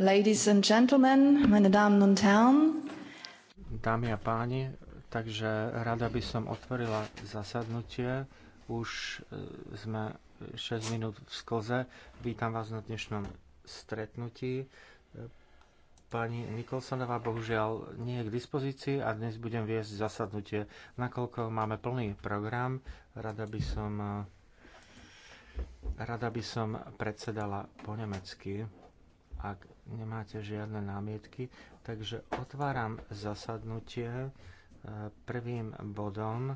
Ladies and gentlemen, meine Damen und Herren. Dámy a páni, takže rada by som otvorila zasadnutie. Už e, sme 6 minút v sklze. Vítam vás na dnešnom stretnutí. E, pani Nikolsonová bohužiaľ nie je k dispozícii a dnes budem viesť zasadnutie. Nakoľko máme plný program, rada by som, e, rada by som predsedala po nemecky ak nemáte žiadne námietky. Takže otváram zasadnutie e, prvým bodom.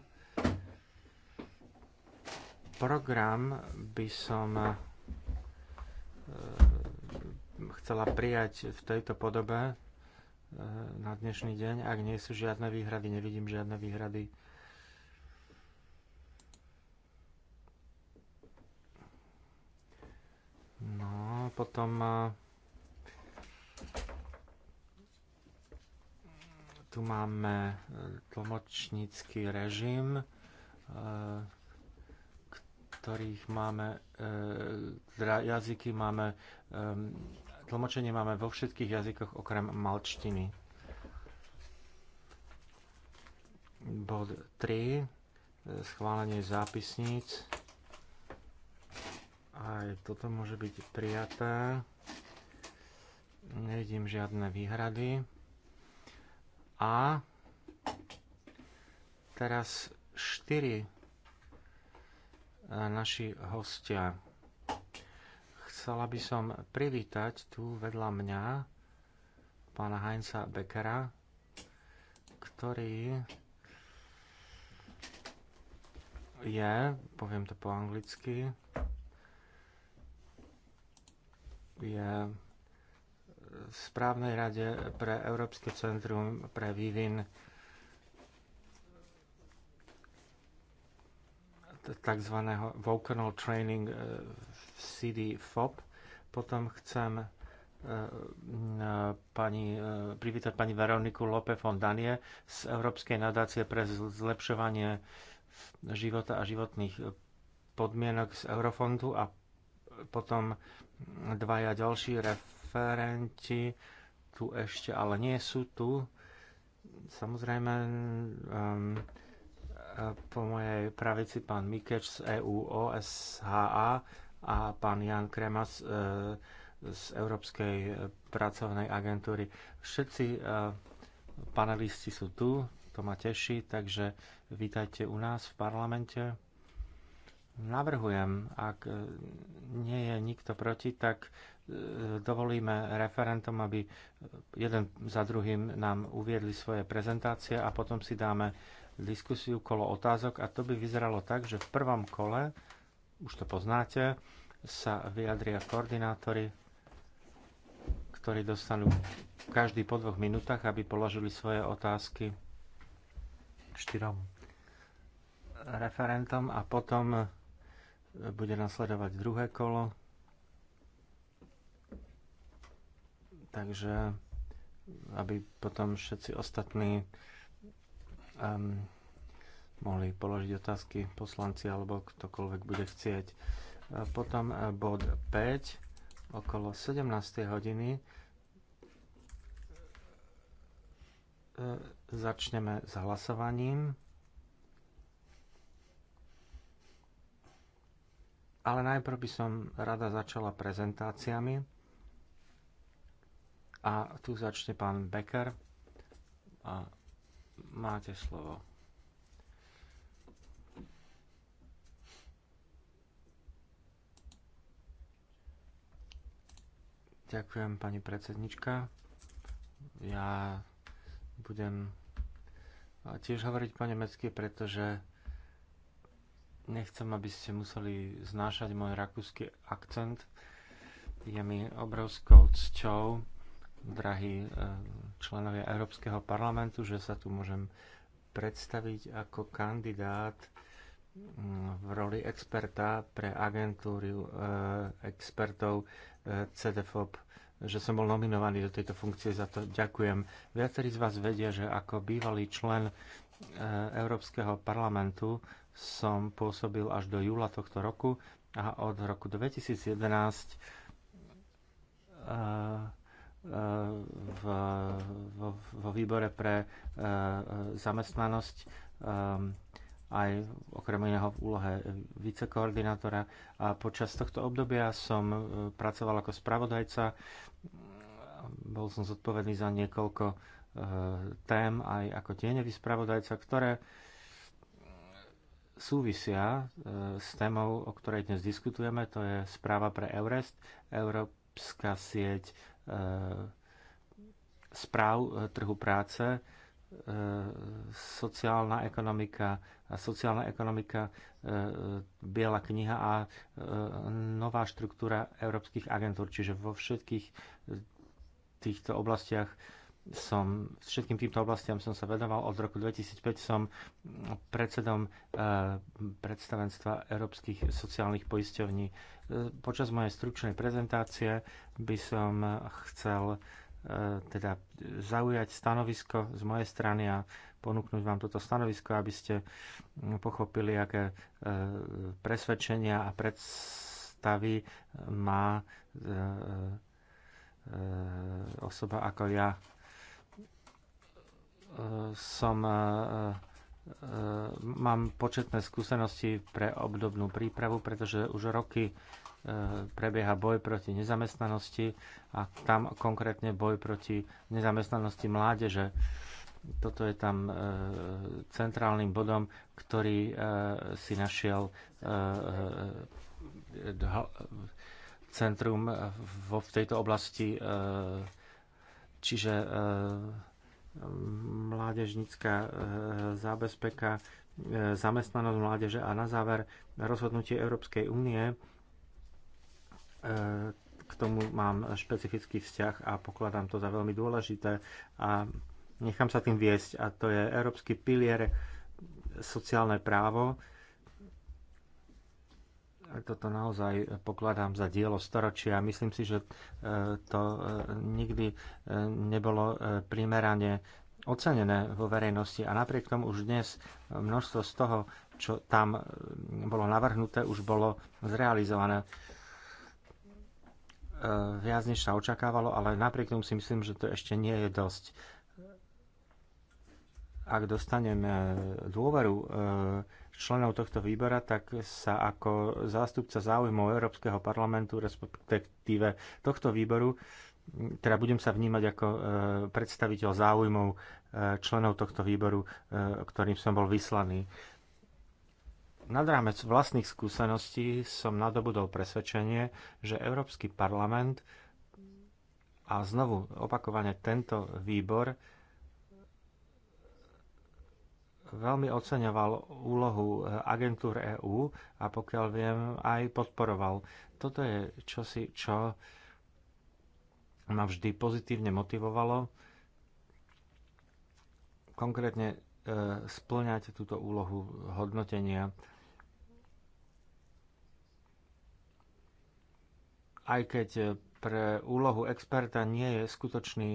Program by som e, chcela prijať v tejto podobe e, na dnešný deň. Ak nie sú žiadne výhrady, nevidím žiadne výhrady. No, potom Tu máme e, tlmočnícky režim, e, ktorých máme, e, teda jazyky máme, tlmočenie máme vo všetkých jazykoch okrem malčtiny. Bod 3, schválenie zápisníc. Aj toto môže byť prijaté. Nevidím žiadne výhrady. A teraz štyri e, naši hostia. Chcela by som privítať tu vedľa mňa pána Heinza Beckera, ktorý je, poviem to po anglicky, je v správnej rade pre Európske centrum pre vývin tzv. vocational training e, v CD FOP. Potom chcem e, e, pani, privítať pani Veroniku Lope von Danie z Európskej nadácie pre zlepšovanie života a životných podmienok z Eurofondu a potom dvaja ďalší ref, referenti tu ešte, ale nie sú tu. Samozrejme, um, po mojej pravici pán Mikeč z EU OSHA a pán Jan Kremas uh, z Európskej pracovnej agentúry. Všetci uh, panelisti sú tu, to ma teší, takže vítajte u nás v parlamente. Navrhujem, ak nie je nikto proti, tak dovolíme referentom, aby jeden za druhým nám uviedli svoje prezentácie a potom si dáme diskusiu kolo otázok a to by vyzeralo tak, že v prvom kole, už to poznáte, sa vyjadria koordinátori, ktorí dostanú každý po dvoch minútach, aby položili svoje otázky štyrom referentom a potom bude nasledovať druhé kolo Takže aby potom všetci ostatní um, mohli položiť otázky poslanci alebo ktokoľvek bude chcieť. Potom eh, bod 5 okolo 17. hodiny eh, začneme s hlasovaním. Ale najprv by som rada začala prezentáciami. A tu začne pán Becker a máte slovo. Ďakujem, pani predsednička. Ja budem tiež hovoriť po nemecky, pretože nechcem, aby ste museli znášať môj rakúsky akcent. Je mi obrovskou cťou drahí e, členovia Európskeho parlamentu, že sa tu môžem predstaviť ako kandidát mm, v roli experta pre agentúru e, expertov e, CDFOP, že som bol nominovaný do tejto funkcie, za to ďakujem. Viacerí z vás vedia, že ako bývalý člen Európskeho parlamentu som pôsobil až do júla tohto roku a od roku 2011 v, vo, vo výbore pre e, zamestnanosť e, aj okrem iného v úlohe vicekoordinátora. A počas tohto obdobia som e, pracoval ako spravodajca. Bol som zodpovedný za niekoľko tém aj ako tieňový spravodajca, ktoré súvisia s témou, o ktorej dnes diskutujeme, to je správa pre Eurest, Európska sieť E, správ e, trhu práce, e, sociálna ekonomika, sociálna ekonomika, biela kniha a nová štruktúra európskych agentúr. Čiže vo všetkých týchto oblastiach som všetkým týmto oblastiam som sa vedoval. Od roku 2005 som predsedom eh, predstavenstva Európskych sociálnych poisťovní. Eh, počas mojej stručnej prezentácie by som chcel eh, teda zaujať stanovisko z mojej strany a ponúknuť vám toto stanovisko, aby ste hm, pochopili, aké presvedčenia a predstavy má osoba ako ja som e, e, mám početné skúsenosti pre obdobnú prípravu, pretože už roky e, prebieha boj proti nezamestnanosti a tam konkrétne boj proti nezamestnanosti mládeže. Toto je tam centrálnym bodom, ktorý si našiel centrum v tejto oblasti. Čiže mládežnická eh, zábezpeka, eh, zamestnanosť mládeže a na záver rozhodnutie Európskej únie. Eh, k tomu mám špecifický vzťah a pokladám to za veľmi dôležité a nechám sa tým viesť a to je Európsky pilier sociálne právo, toto naozaj pokladám za dielo storočia. Myslím si, že e, to e, nikdy e, nebolo primerane ocenené vo verejnosti a napriek tomu už dnes množstvo z toho, čo tam bolo navrhnuté, už bolo zrealizované viac než sa očakávalo, ale napriek tomu si myslím, že to ešte nie je dosť ak dostanem dôveru e, členov tohto výbora, tak sa ako zástupca záujmov Európskeho parlamentu, respektíve tohto výboru, teda budem sa vnímať ako e, predstaviteľ záujmov e, členov tohto výboru, ktorým som bol vyslaný. Nad rámec vlastných skúseností som nadobudol presvedčenie, že Európsky parlament a znovu opakovane tento výbor veľmi oceňoval úlohu eh, agentúr EÚ a pokiaľ viem, aj podporoval. Toto je čosi, čo ma vždy pozitívne motivovalo konkrétne eh, splňať túto úlohu hodnotenia. Aj keď eh, pre úlohu experta nie je skutočný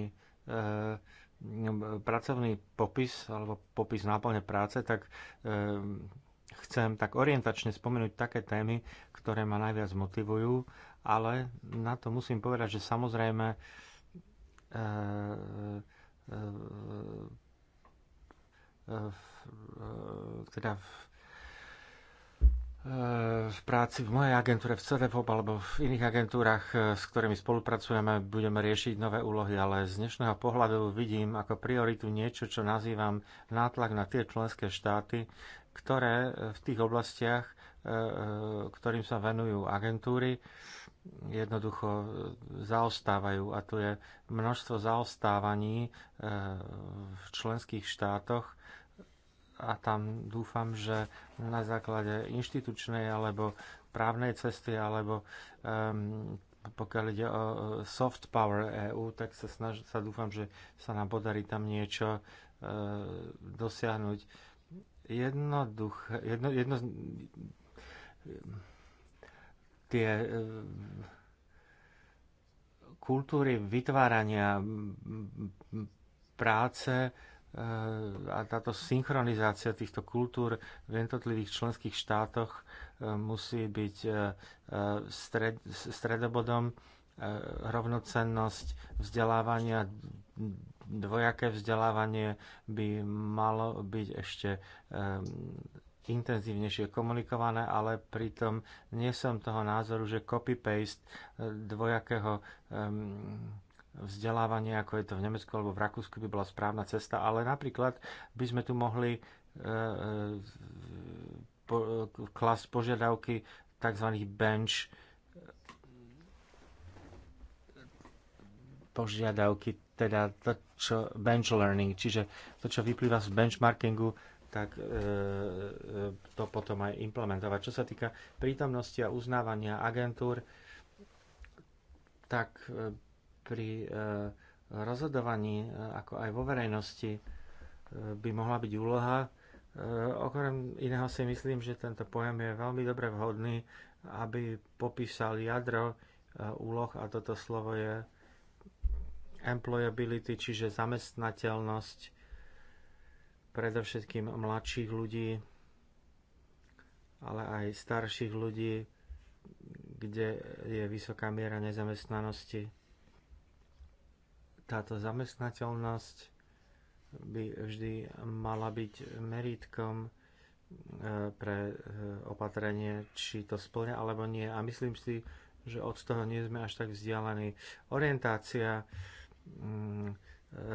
pracovný popis alebo popis náplne práce, tak e, chcem tak orientačne spomenúť také témy, ktoré ma najviac motivujú, ale na to musím povedať, že samozrejme e, e, e, e, e teda v práci v mojej agentúre v CDFOP alebo v iných agentúrach, e, s ktorými spolupracujeme, budeme riešiť nové úlohy, ale z dnešného pohľadu vidím ako prioritu niečo, čo nazývam nátlak na tie členské štáty, ktoré e, v tých oblastiach, e, ktorým sa venujú agentúry, jednoducho zaostávajú. A tu je množstvo zaostávaní v členských štátoch a tam dúfam, že na základe inštitučnej alebo právnej cesty alebo um, pokiaľ ide o soft power EU, tak sa, snaž, sa dúfam, že sa nám podarí tam niečo e, dosiahnuť. Jednoduché, jedno, jedno, tie e, kultúry vytvárania práce e, a táto synchronizácia týchto kultúr v jednotlivých členských štátoch e, musí byť e, e, stred, stredobodom rovnocennosť vzdelávania, dvojaké vzdelávanie by malo byť ešte intenzívnejšie komunikované, ale pritom nie som toho názoru, že copy-paste dvojakého vzdelávanie, ako je to v Nemecku alebo v Rakúsku, by bola správna cesta, ale napríklad by sme tu mohli e, e, klas požiadavky tzv. bench požiadavky, teda to, čo bench learning, čiže to, čo vyplýva z benchmarkingu, tak e, e to potom aj implementovať. Čo sa týka prítomnosti a uznávania agentúr, tak e, pri e, rozhodovaní, e, ako aj vo verejnosti, e, by mohla byť úloha. Okrem iného si myslím, že tento pojem je veľmi dobre vhodný, aby popísal jadro úloh a toto slovo je employability, čiže zamestnateľnosť predovšetkým mladších ľudí, ale aj starších ľudí, kde je vysoká miera nezamestnanosti táto zamestnateľnosť by vždy mala byť merítkom e, pre e, opatrenie, či to splňa alebo nie. A myslím si, že od toho nie sme až tak vzdialení. Orientácia mm, e,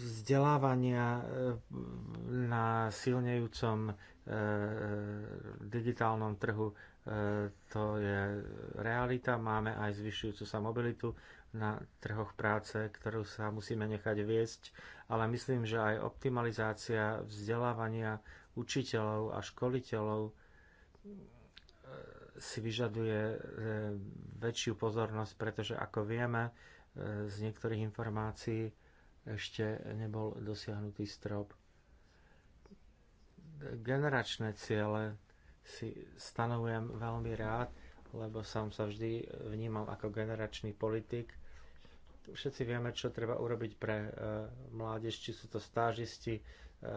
vzdelávania na silnejúcom digitálnom trhu E, to je realita. Máme aj zvyšujúcu sa mobilitu na trhoch práce, ktorú sa musíme nechať viesť, ale myslím, že aj optimalizácia vzdelávania učiteľov a školiteľov e, si vyžaduje e, väčšiu pozornosť, pretože ako vieme z niektorých informácií ešte nebol dosiahnutý strop. Generačné ciele si stanovujem veľmi rád, lebo som sa vždy vnímal ako generačný politik. Všetci vieme, čo treba urobiť pre e, mládež, či sú to stážisti, e, e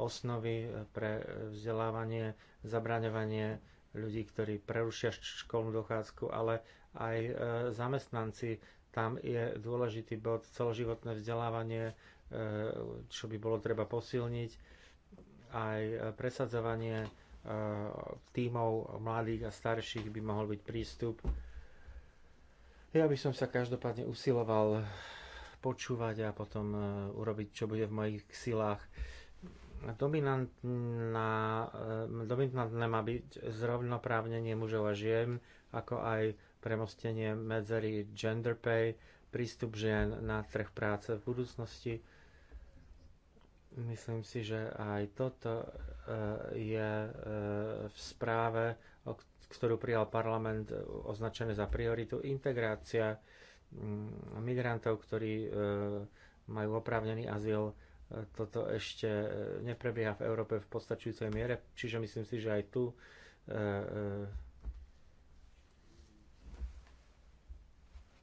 osnovy e, pre vzdelávanie, zabraňovanie ľudí, ktorí prerušia školnú dochádzku, ale aj e, zamestnanci. Tam je dôležitý bod celoživotné vzdelávanie, e, čo by bolo treba posilniť aj e, presadzovanie e, tímov mladých a starších by mohol byť prístup. Ja by som sa každopádne usiloval počúvať a potom e, urobiť, čo bude v mojich silách. dominantné má byť zrovnoprávnenie mužov a žien, ako aj premostenie medzery gender pay, prístup žien na trh práce v budúcnosti, Myslím si, že aj toto e, je e, v správe, ktorú prijal parlament, e, označené za prioritu integrácia mm, migrantov, ktorí majú oprávnený azyl. Toto ešte neprebieha v Európe v postačujúcej miere, čiže myslím si, že aj tu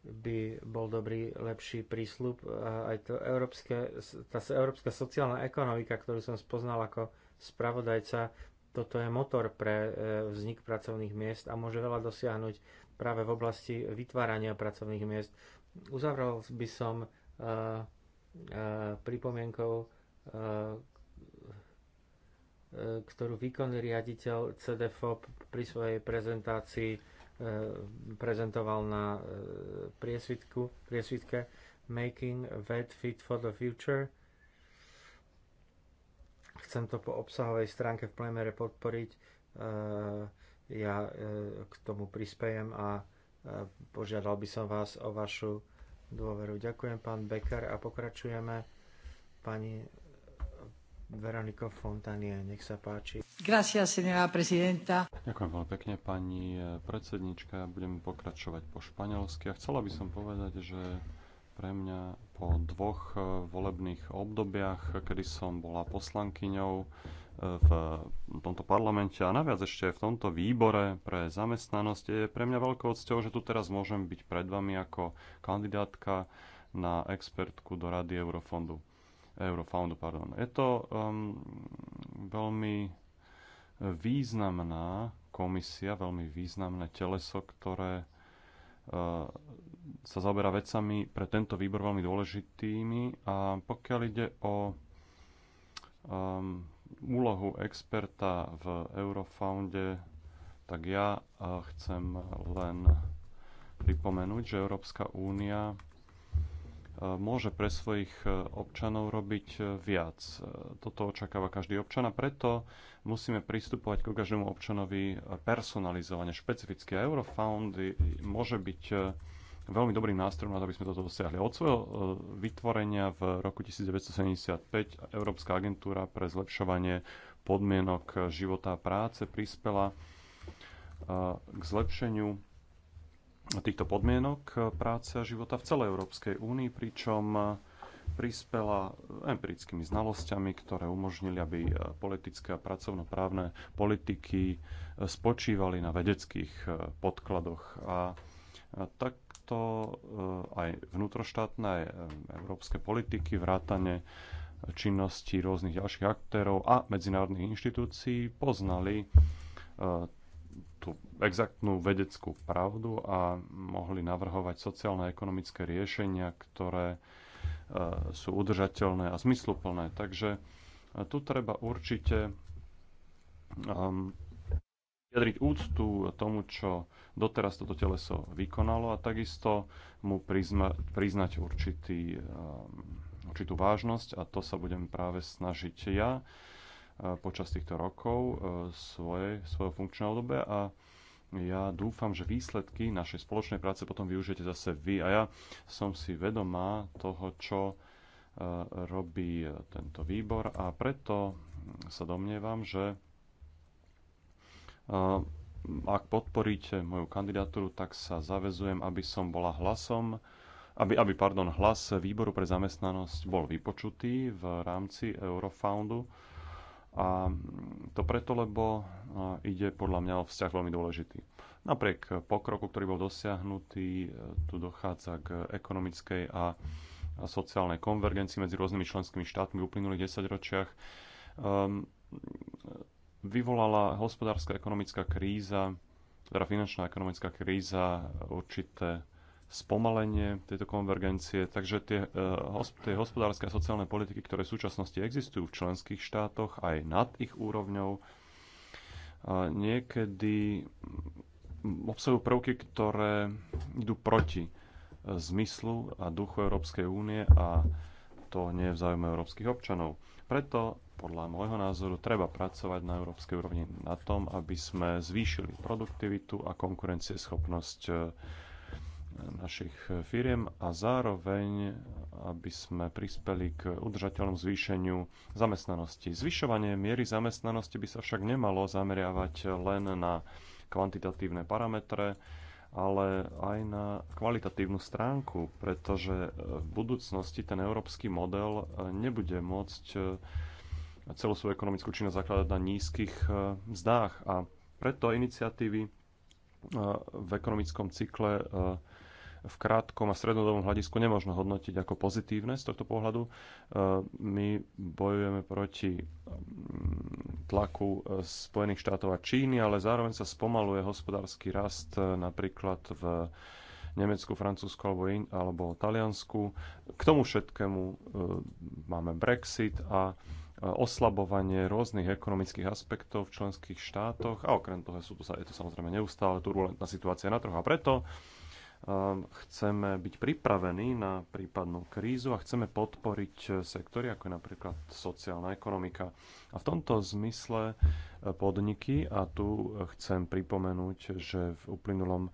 by bol dobrý, lepší prísľub. Aj to európske, tá európska sociálna ekonomika, ktorú som spoznal ako spravodajca, toto je motor pre e, vznik pracovných miest a môže veľa dosiahnuť práve v oblasti vytvárania pracovných miest. Uzavrel by som uh, uh, pripomienkou, uh, ktorú výkonný riaditeľ CDFOP pri svojej prezentácii Eh, prezentoval na eh, priesvitku, priesvitke Making Vet Fit for the Future. Chcem to po obsahovej stránke v plemere podporiť. Eh, ja k tomu prispejem a požiadal by som vás o vašu dôveru. Ďakujem pán Becker a pokračujeme pani Veroniko Fontanie. Nech sa páči. Ďakujem veľmi pekne, pani eh, predsednička. Budem pokračovať po španielsky. A chcela by som povedať, že pre mňa po dvoch eh, volebných obdobiach, kedy som bola poslankyňou eh, v tomto parlamente a naviac ešte v tomto výbore pre zamestnanosť, je pre mňa veľkou cťou, že tu teraz môžem byť pred vami ako kandidátka na expertku do Rady Eurofondu. Eurofoundu, pardon. Je to um, veľmi významná komisia, veľmi významné teleso, ktoré e, sa zaoberá vecami pre tento výbor veľmi dôležitými a pokiaľ ide o um, úlohu experta v Eurofounde, tak ja e, chcem len pripomenúť, že Európska únia Eh, môže pre svojich eh, občanov robiť eh, viac. Toto očakáva každý občan a preto musíme pristupovať k každému občanovi personalizovane, špecificky. A Eurofound môže byť veľmi dobrým nástrojom na to, aby sme toto dosiahli. Od svojho vytvorenia v roku 1975 Európska agentúra pre zlepšovanie podmienok života a práce prispela k zlepšeniu týchto podmienok eh, práce a života v celej Európskej únii, pričom eh, prispela eh, empirickými znalosťami, ktoré umožnili, aby politické a pracovnoprávne politiky spočívali na vedeckých podkladoch. A takto aj vnútroštátne, aj európske politiky, vrátane činnosti rôznych ďalších aktérov a medzinárodných inštitúcií poznali tú exaktnú vedeckú pravdu a mohli navrhovať sociálne a ekonomické riešenia, ktoré e, sú udržateľné a zmysluplné. Takže e, tu treba určite um, vyjadriť úctu tomu, čo doteraz toto teleso vykonalo a takisto mu priznať určitý, um, určitú vážnosť a to sa budem práve snažiť ja Eh, počas týchto rokov eh, svoje, svojho funkčného obdobia a ja dúfam, že výsledky našej spoločnej práce potom využijete zase vy a ja som si vedomá toho, čo eh, robí tento výbor a preto sa domnievam, že ak podporíte moju kandidatúru, tak sa zavezujem, aby som bola hlasom, aby, aby pardon, hlas výboru pre zamestnanosť bol vypočutý v rámci Eurofoundu a to preto, lebo ide podľa mňa o vzťah veľmi dôležitý. Napriek pokroku, ktorý bol dosiahnutý, e, tu dochádza k ekonomickej a sociálnej konvergencii medzi rôznymi členskými štátmi v uplynulých desaťročiach. Um, vyvolala hospodárska ekonomická kríza, teda finančná ekonomická kríza určité spomalenie tejto konvergencie. Takže tie, eh, tie hospodárske a sociálne politiky, ktoré v súčasnosti existujú v členských štátoch, aj nad ich úrovňou, niekedy obsahujú prvky, ktoré idú proti eh, zmyslu a duchu Európskej únie a to nie je v záujme európskych občanov. Preto podľa môjho názoru treba pracovať na európskej úrovni na tom, aby sme zvýšili produktivitu a konkurencieschopnosť eh, našich firiem a zároveň, aby sme prispeli k udržateľnom zvýšeniu zamestnanosti. Zvyšovanie miery zamestnanosti by sa však nemalo zameriavať len na kvantitatívne parametre, ale aj na kvalitatívnu stránku, pretože v budúcnosti ten európsky model nebude môcť celú svoju ekonomickú činnosť zakladať na nízkych mzdách. A preto iniciatívy v ekonomickom cykle v krátkom a strednodobom hľadisku nemôžno hodnotiť ako pozitívne z tohto pohľadu. E, my bojujeme proti tlaku e, Spojených štátov a Číny, ale zároveň sa spomaluje hospodársky rast e, napríklad v Nemecku, Francúzsku alebo, in, alebo Taliansku. K tomu všetkému máme Brexit a oslabovanie rôznych ekonomických aspektov v členských štátoch a okrem toho sú tu, je to samozrejme neustále turbulentná situácia na trhu a preto Ehm, chceme byť pripravení na prípadnú krízu a chceme podporiť eh, sektory, ako je napríklad sociálna ekonomika. A v tomto zmysle eh, podniky, a tu eh, chcem pripomenúť, že v uplynulom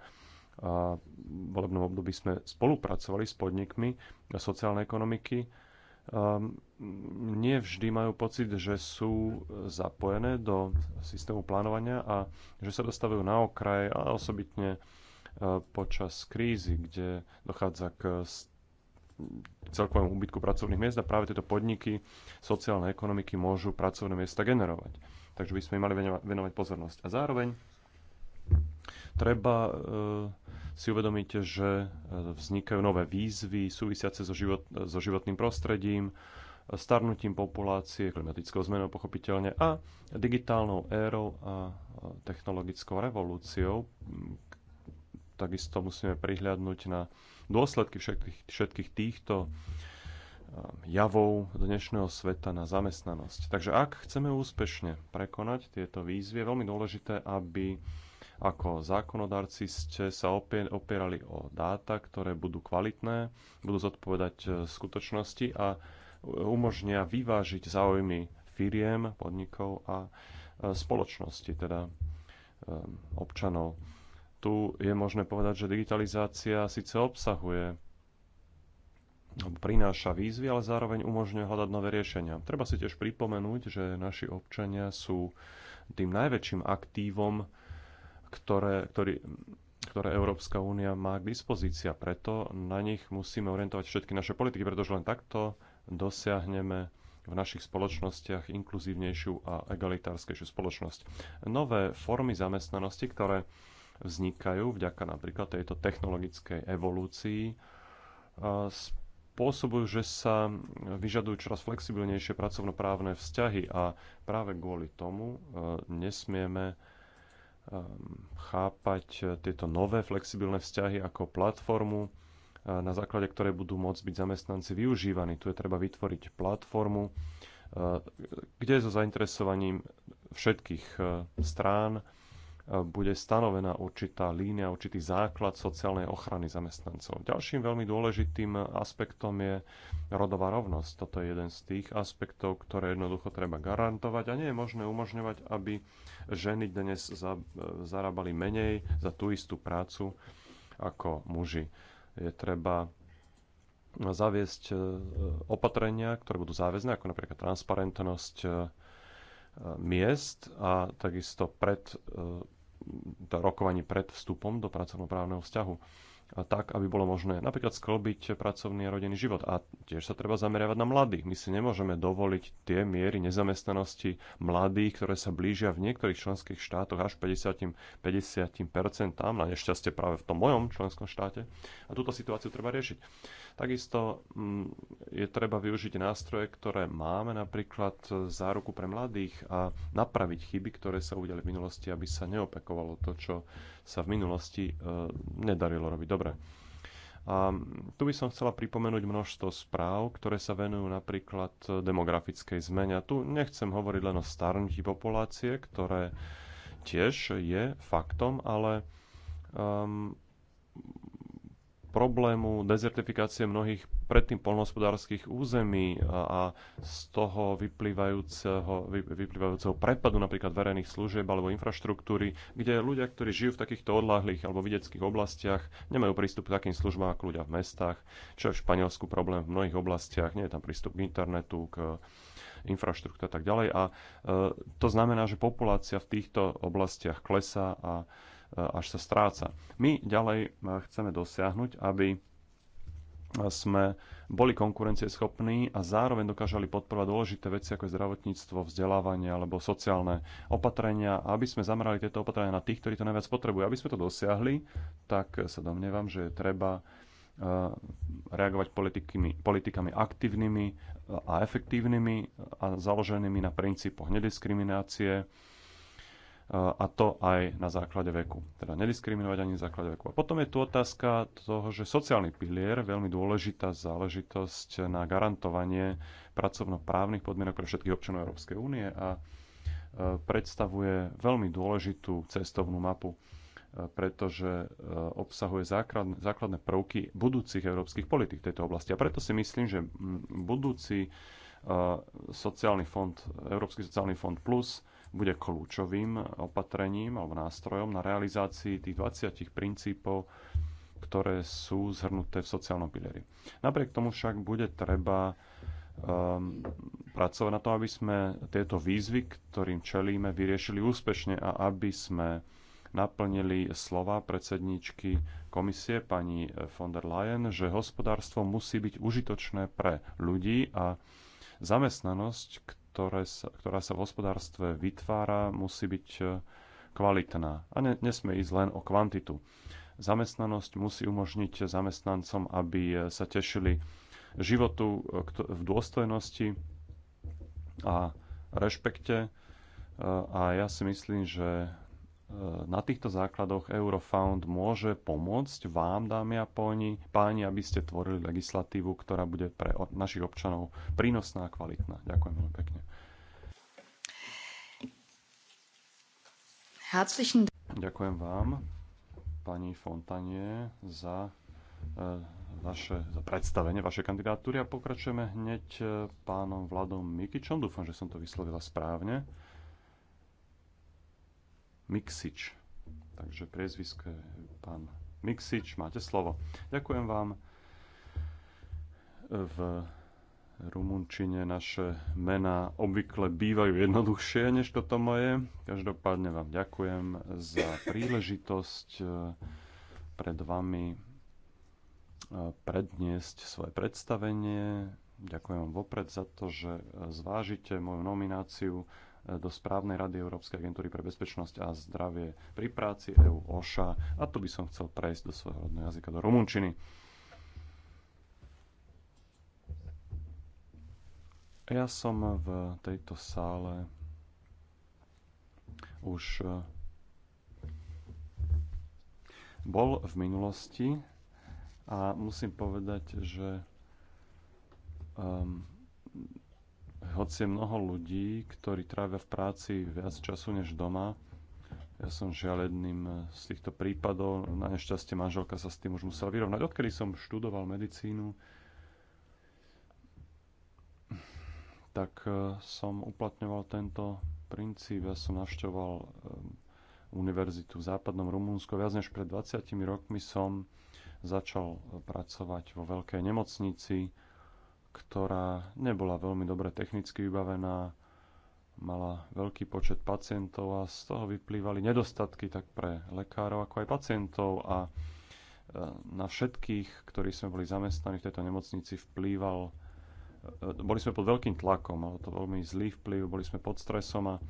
volebnom období sme spolupracovali s podnikmi sociálnej ekonomiky, ehm, nie vždy majú pocit, že sú zapojené do systému plánovania a že sa dostávajú na okraj a osobitne počas krízy, kde dochádza k celkovému úbytku pracovných miest a práve tieto podniky sociálnej ekonomiky môžu pracovné miesta generovať. Takže by sme im mali venovať pozornosť. A zároveň treba e, si uvedomiť, že e, vznikajú nové výzvy súvisiace so, život, so životným prostredím, starnutím populácie, klimatickou zmenou pochopiteľne a digitálnou érou a technologickou revolúciou, takisto musíme prihľadnúť na dôsledky všetkých, všetkých týchto um, javov dnešného sveta na zamestnanosť. Takže ak chceme úspešne prekonať tieto výzvy, je veľmi dôležité, aby ako zákonodarci ste sa opierali o dáta, ktoré budú kvalitné, budú zodpovedať e, skutočnosti a umožnia vyvážiť záujmy firiem, podnikov a e, spoločnosti, teda e, občanov tu je možné povedať, že digitalizácia síce obsahuje prináša výzvy, ale zároveň umožňuje hľadať nové riešenia. Treba si tiež pripomenúť, že naši občania sú tým najväčším aktívom, ktoré, ktorý, ktoré Európska únia má k dispozícii a preto na nich musíme orientovať všetky naše politiky, pretože len takto dosiahneme v našich spoločnostiach inkluzívnejšiu a egalitárskejšiu spoločnosť. Nové formy zamestnanosti, ktoré vznikajú vďaka napríklad tejto technologickej evolúcii, spôsobujú, že sa vyžadujú čoraz flexibilnejšie pracovnoprávne vzťahy a práve kvôli tomu e, nesmieme e, chápať tieto nové flexibilné vzťahy ako platformu, e, na základe ktorej budú môcť byť zamestnanci využívaní. Tu je treba vytvoriť platformu, kde so zainteresovaním všetkých strán bude stanovená určitá línia, určitý základ sociálnej ochrany zamestnancov. Ďalším veľmi dôležitým aspektom je rodová rovnosť. Toto je jeden z tých aspektov, ktoré jednoducho treba garantovať a nie je možné umožňovať, aby ženy dnes za, zarábali menej za tú istú prácu ako muži. Je treba zaviesť e, opatrenia, ktoré budú záväzné, ako napríklad transparentnosť e, miest a takisto pred e, Rokovanie pred vstupom do pracovnoprávneho vzťahu tak, aby bolo možné napríklad sklbiť pracovný a rodinný život. A tiež sa treba zameriavať na mladých. My si nemôžeme dovoliť tie miery nezamestnanosti mladých, ktoré sa blížia v niektorých členských štátoch až 50, 50% tam, na nešťastie práve v tom mojom členskom štáte. A túto situáciu treba riešiť. Takisto mm, je treba využiť nástroje, ktoré máme, napríklad záruku pre mladých a napraviť chyby, ktoré sa udiali v minulosti, aby sa neopakovalo to, čo sa v minulosti e, nedarilo robiť dobre. A tu by som chcela pripomenúť množstvo správ, ktoré sa venujú napríklad demografickej zmene. A tu nechcem hovoriť len o starnutí populácie, ktoré tiež je faktom, ale um, problému dezertifikácie mnohých predtým polnohospodárských území a, z toho vyplývajúceho, vyplývajúceho prepadu napríklad verejných služieb alebo infraštruktúry, kde ľudia, ktorí žijú v takýchto odláhlých alebo videckých oblastiach, nemajú prístup k takým službám ako ľudia v mestách, čo je v Španielsku problém v mnohých oblastiach, nie je tam prístup k internetu, k infraštruktúre a tak ďalej. A e, to znamená, že populácia v týchto oblastiach klesá a E, až sa stráca. My ďalej e, chceme dosiahnuť, aby sme boli konkurencieschopní a zároveň dokážali podporovať dôležité veci ako je zdravotníctvo, vzdelávanie alebo sociálne opatrenia, aby sme zamerali tieto opatrenia na tých, ktorí to najviac potrebujú. Aby sme to dosiahli, tak sa domnievam, že je treba e, reagovať politikami, politikami aktívnymi a efektívnymi a založenými na princípoch nediskriminácie, a to aj na základe veku. Teda nediskriminovať ani na základe veku. A potom je tu otázka toho, že sociálny pilier, veľmi dôležitá záležitosť na garantovanie pracovnoprávnych podmienok pre všetkých občanov Európskej únie a e, predstavuje veľmi dôležitú cestovnú mapu, e, pretože e, obsahuje základné prvky budúcich európskych politik v tejto oblasti. A preto si myslím, že budúci sociálny fond, Európsky sociálny fond plus bude kľúčovým opatrením alebo nástrojom na realizácii tých 20 princípov, ktoré sú zhrnuté v sociálnom pilieri. Napriek tomu však bude treba um, pracovať na to, aby sme tieto výzvy, ktorým čelíme, vyriešili úspešne a aby sme naplnili slova predsedníčky komisie pani von der Leyen, že hospodárstvo musí byť užitočné pre ľudí a zamestnanosť, ktoré sa, ktorá sa v hospodárstve vytvára, musí byť e, kvalitná a ne, nesme ísť len o kvantitu. Zamestnanosť musí umožniť zamestnancom, aby e, sa tešili životu e, v dôstojnosti a rešpekte. A ja si myslím, že na týchto základoch Eurofound môže pomôcť vám, dámy a páni, páni, aby ste tvorili legislatívu, ktorá bude pre našich občanov prínosná a kvalitná. Ďakujem veľmi pekne. Herzlichen Ďakujem vám, pani Fontanie, za e, vaše za predstavenie vašej kandidatúry a pokračujeme hneď e, pánom Vladom Mikičom. Dúfam, že som to vyslovila správne. Mixič. Takže priezvisko je pán Mixič, Máte slovo. Ďakujem vám. E, v rumunčine naše mená obvykle bývajú jednoduchšie než toto moje. Každopádne vám ďakujem za príležitosť eh, pred vami eh, predniesť svoje predstavenie. Ďakujem vám vopred za to, že eh, zvážite moju nomináciu do správnej rady Európskej agentúry pre bezpečnosť a zdravie pri práci EU OŠA. A tu by som chcel prejsť do svojho rodného jazyka, do rumunčiny. Ja som v tejto sále už e, bol v minulosti a musím povedať, že um, hoci je mnoho ľudí, ktorí trávia v práci viac času než doma, ja som žiaľ jedným e, z týchto prípadov, na nešťastie manželka sa s tým už musela vyrovnať. Odkedy som študoval medicínu, tak e, som uplatňoval tento princíp. Ja som navštevoval e, univerzitu v západnom Rumunsku. Viac než pred 20 rokmi som začal e, pracovať vo veľkej nemocnici, ktorá nebola veľmi dobre technicky vybavená, mala veľký počet pacientov a z toho vyplývali nedostatky tak pre lekárov ako aj pacientov a na všetkých, ktorí sme boli zamestnaní v tejto nemocnici, vplýval boli sme pod veľkým tlakom, malo to veľmi zlý vplyv, boli sme pod stresom a e,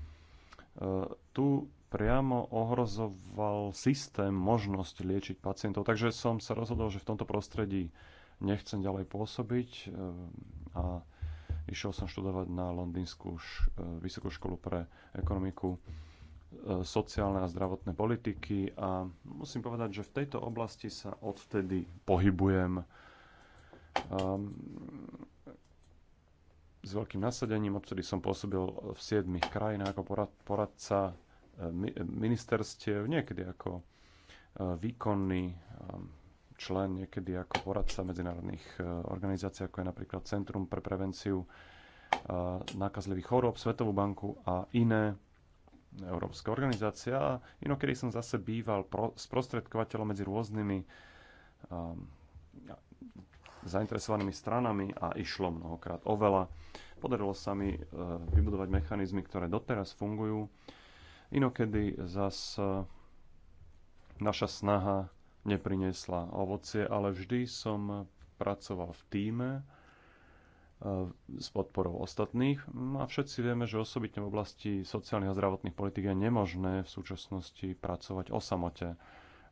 tu priamo ohrozoval systém možnosť liečiť pacientov. Takže som sa rozhodol, že v tomto prostredí nechcem ďalej pôsobiť e, a išiel som študovať na Londýnsku e, vysokú školu pre ekonomiku sociálne a zdravotné politiky a musím povedať, že v tejto oblasti sa odvtedy pohybujem. Um, s veľkým nasadením, odtedy som pôsobil v siedmich krajinách ako porad, poradca eh, eh, ministerstiev, niekedy ako eh, výkonný člen, niekedy ako poradca medzinárodných organizácií, ako je napríklad Centrum pre prevenciu nákazlivých chorób, Svetovú banku a iné európske organizácie. A inokedy som zase býval sprostredkovateľom medzi rôznymi zainteresovanými stranami a išlo mnohokrát oveľa. Podarilo sa mi e, vybudovať mechanizmy, ktoré doteraz fungujú. Inokedy zas e, naša snaha nepriniesla ovocie, ale vždy som pracoval v týme e, s podporou ostatných. No a všetci vieme, že osobitne v oblasti sociálnych a zdravotných politik je nemožné v súčasnosti pracovať o samote.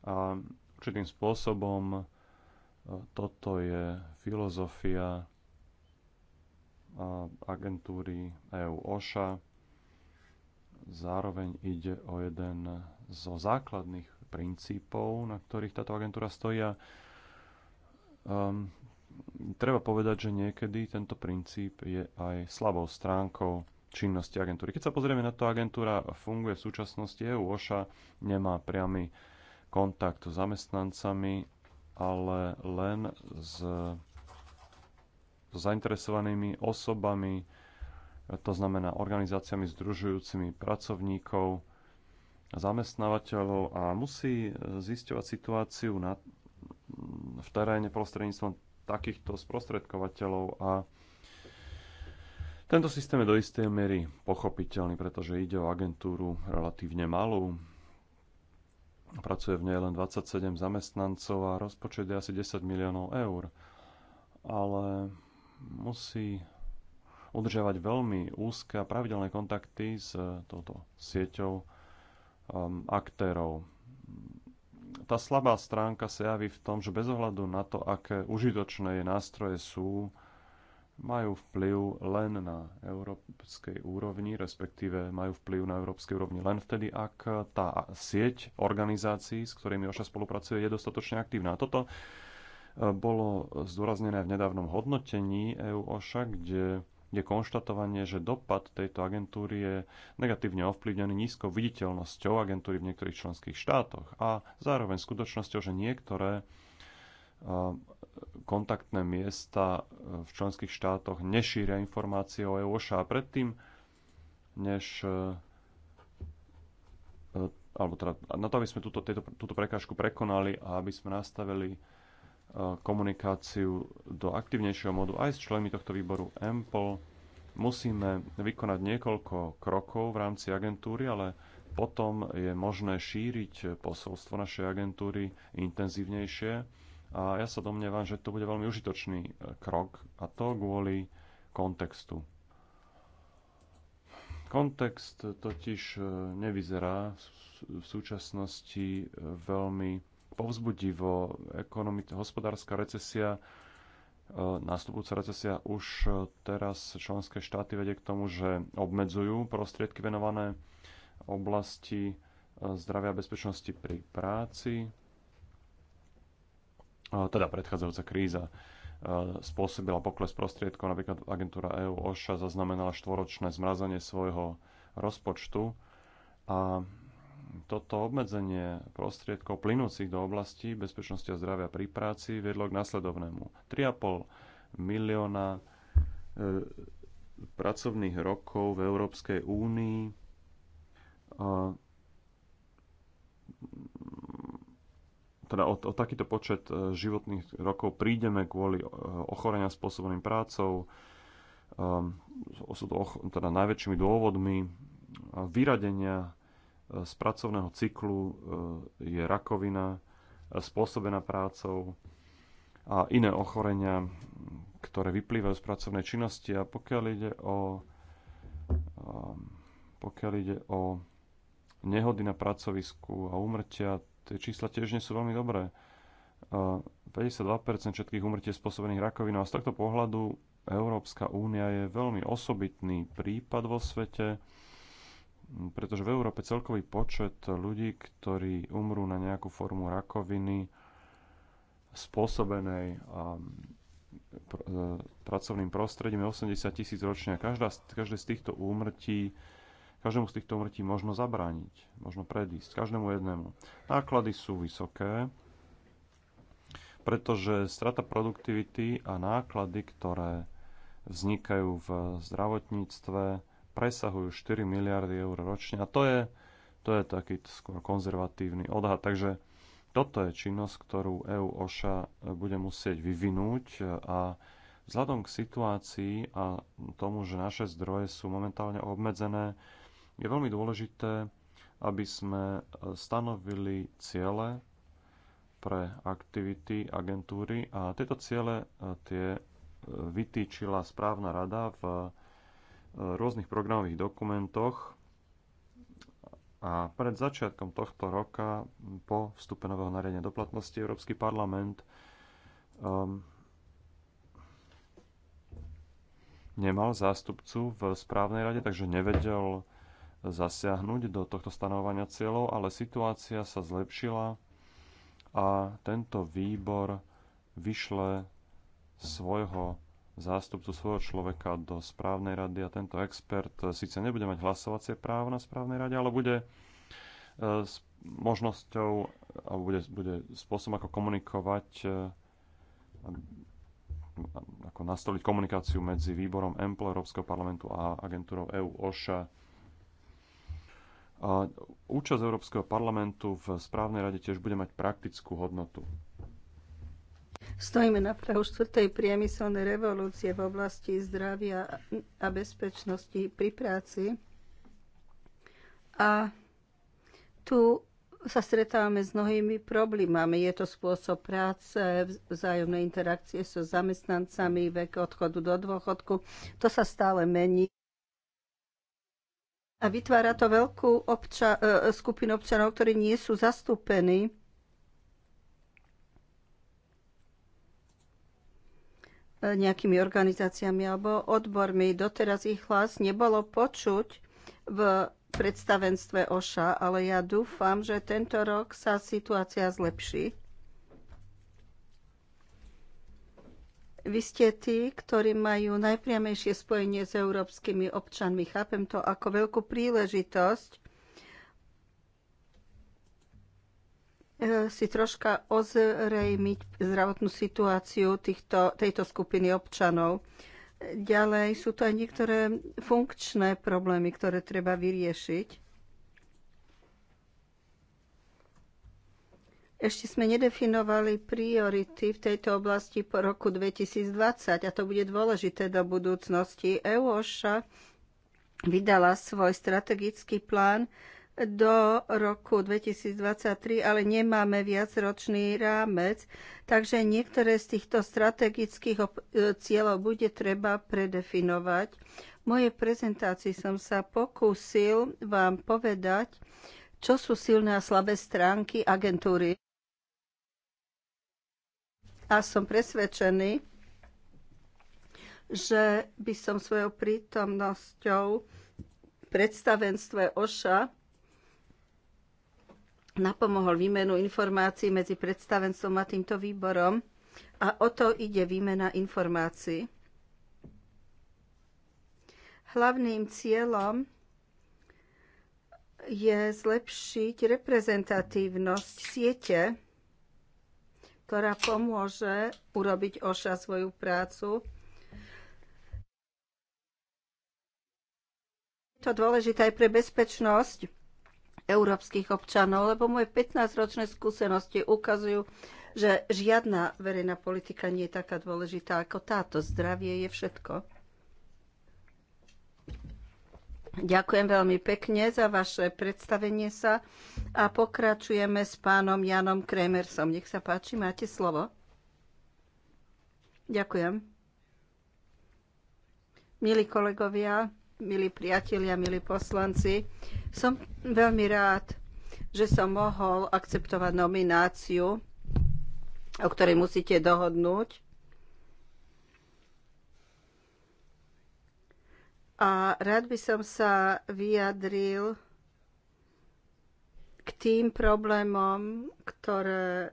A určitým spôsobom E, toto je filozofia e, agentúry EU OŠA. Zároveň ide o jeden zo základných princípov, na ktorých táto agentúra stojí. um, treba povedať, že niekedy tento princíp je aj slabou stránkou činnosti agentúry. Keď sa pozrieme na to, agentúra funguje v súčasnosti EU OŠA, nemá priamy kontakt s zamestnancami ale len s, zainteresovanými osobami, to znamená organizáciami združujúcimi pracovníkov, zamestnávateľov a musí e, zisťovať situáciu na, v teréne prostredníctvom takýchto sprostredkovateľov a tento systém je do istej miery pochopiteľný, pretože ide o agentúru relatívne malú, Pracuje v nej len 27 zamestnancov a rozpočet je asi 10 miliónov eur. Ale musí udržiavať veľmi úzke a pravidelné kontakty s touto sieťou um, aktérov. Tá slabá stránka sa javí v tom, že bez ohľadu na to, aké užitočné jej nástroje sú, majú vplyv len na európskej úrovni, respektíve majú vplyv na európskej úrovni len vtedy, ak tá sieť organizácií, s ktorými OŠA spolupracuje, je dostatočne aktívna. A toto e, bolo zdôraznené v nedávnom hodnotení EU OŠA, kde je konštatovanie, že dopad tejto agentúry je negatívne ovplyvnený nízkou viditeľnosťou agentúry v niektorých členských štátoch a zároveň skutočnosťou, že niektoré Ehm, kontaktné miesta ehm, v členských štátoch nešíria informácie o EUŠA. A predtým, než ehm, e, alebo teda na to, aby sme túto, tejto, túto prekážku prekonali a aby sme nastavili komunikáciu do aktívnejšieho modu aj s členmi tohto výboru EMPL, musíme vykonať niekoľko krokov v rámci agentúry, ale potom je možné šíriť posolstvo našej agentúry intenzívnejšie a ja sa domnievam, že to bude veľmi užitočný e, krok a to kvôli kontextu. Kontext totiž e, nevyzerá v súčasnosti e, veľmi povzbudivo. Ekonomika, hospodárska recesia, nástupujúca recesia už teraz členské štáty vedie k tomu, že obmedzujú prostriedky venované oblasti zdravia a bezpečnosti pri práci teda predchádzajúca kríza e, spôsobila pokles prostriedkov. Napríklad agentúra EU OŠA zaznamenala štvoročné zmrazanie svojho rozpočtu a toto obmedzenie prostriedkov plynúcich do oblasti bezpečnosti a zdravia pri práci viedlo k následovnému. 3,5 milióna e, pracovných rokov v Európskej únii teda o, o takýto počet e, životných rokov prídeme kvôli e, ochorenia spôsobeným prácou, e, sú to teda najväčšími dôvodmi vyradenia z pracovného cyklu je rakovina spôsobená prácou a iné ochorenia, ktoré vyplývajú z pracovnej činnosti. A pokiaľ ide o, pokiaľ ide o nehody na pracovisku a úmrtia, tie čísla tiež nie sú veľmi dobré. 52% všetkých umrtí je spôsobených rakovinou a z tohto pohľadu Európska únia je veľmi osobitný prípad vo svete, pretože v Európe celkový počet ľudí, ktorí umrú na nejakú formu rakoviny spôsobenej um, e, pracovným prostredím je 80 tisíc ročne a každá, každé z týchto úmrtí Každému z týchto umrtí možno zabrániť, možno predísť, každému jednému. Náklady sú vysoké, pretože strata produktivity a náklady, ktoré vznikajú v zdravotníctve, presahujú 4 miliardy eur ročne. A to je, to je taký skôr konzervatívny odhad. Takže toto je činnosť, ktorú EU OŠA bude musieť vyvinúť a vzhľadom k situácii a tomu, že naše zdroje sú momentálne obmedzené, je veľmi dôležité, aby sme stanovili ciele pre aktivity agentúry a tieto ciele e, tie e, vytýčila správna rada v e, rôznych programových dokumentoch a pred začiatkom tohto roka po vstupe nového nariadenia do platnosti Európsky parlament um, nemal zástupcu v správnej rade, takže nevedel zasiahnuť do tohto stanovania cieľov, ale situácia sa zlepšila a tento výbor vyšle svojho zástupcu svojho človeka do správnej rady a tento expert síce nebude mať hlasovacie právo na správnej rade, ale bude e, s možnosťou, alebo bude, bude spôsob, ako komunikovať, e, ako nastoliť komunikáciu medzi výborom EMPL Európskeho parlamentu a agentúrou EU OŠA a účasť Európskeho parlamentu v správnej rade tiež bude mať praktickú hodnotu. Stojíme na prahu štvrtej priemyselnej revolúcie v oblasti zdravia a bezpečnosti pri práci. A tu sa stretávame s mnohými problémami. Je to spôsob práce, vzájomné interakcie so zamestnancami, vek odchodu do dôchodku. To sa stále mení. A vytvára to veľkú obča- e, e, skupinu občanov, ktorí nie sú zastúpení. E, nejakými organizáciami alebo odbormi. Doteraz ich hlas nebolo počuť v predstavenstve OŠA, ale ja dúfam, že tento rok sa situácia zlepší. Vy ste tí, ktorí majú najpriamejšie spojenie s európskymi občanmi. Chápem to ako veľkú príležitosť e, si troška ozrejmiť zdravotnú situáciu týchto, tejto skupiny občanov. Ďalej sú to aj niektoré funkčné problémy, ktoré treba vyriešiť. Ešte sme nedefinovali priority v tejto oblasti po roku 2020 a to bude dôležité do budúcnosti. EUOŠA vydala svoj strategický plán do roku 2023, ale nemáme viacročný rámec, takže niektoré z týchto strategických e, cieľov bude treba predefinovať. V mojej prezentácii som sa pokúsil vám povedať, čo sú silné a slabé stránky agentúry a som presvedčený, že by som svojou prítomnosťou predstavenstve OŠA napomohol výmenu informácií medzi predstavenstvom a týmto výborom a o to ide výmena informácií. Hlavným cieľom je zlepšiť reprezentatívnosť siete ktorá pomôže urobiť OŠA svoju prácu. Je to dôležité aj pre bezpečnosť európskych občanov, lebo moje 15-ročné skúsenosti ukazujú, že žiadna verejná politika nie je taká dôležitá ako táto. Zdravie je všetko. Ďakujem veľmi pekne za vaše predstavenie sa a pokračujeme s pánom Janom Kremersom. Nech sa páči, máte slovo. Ďakujem. Milí kolegovia, milí priatelia, milí poslanci, som veľmi rád, že som mohol akceptovať nomináciu, o ktorej musíte dohodnúť A rád by som sa vyjadril k tým problémom, ktoré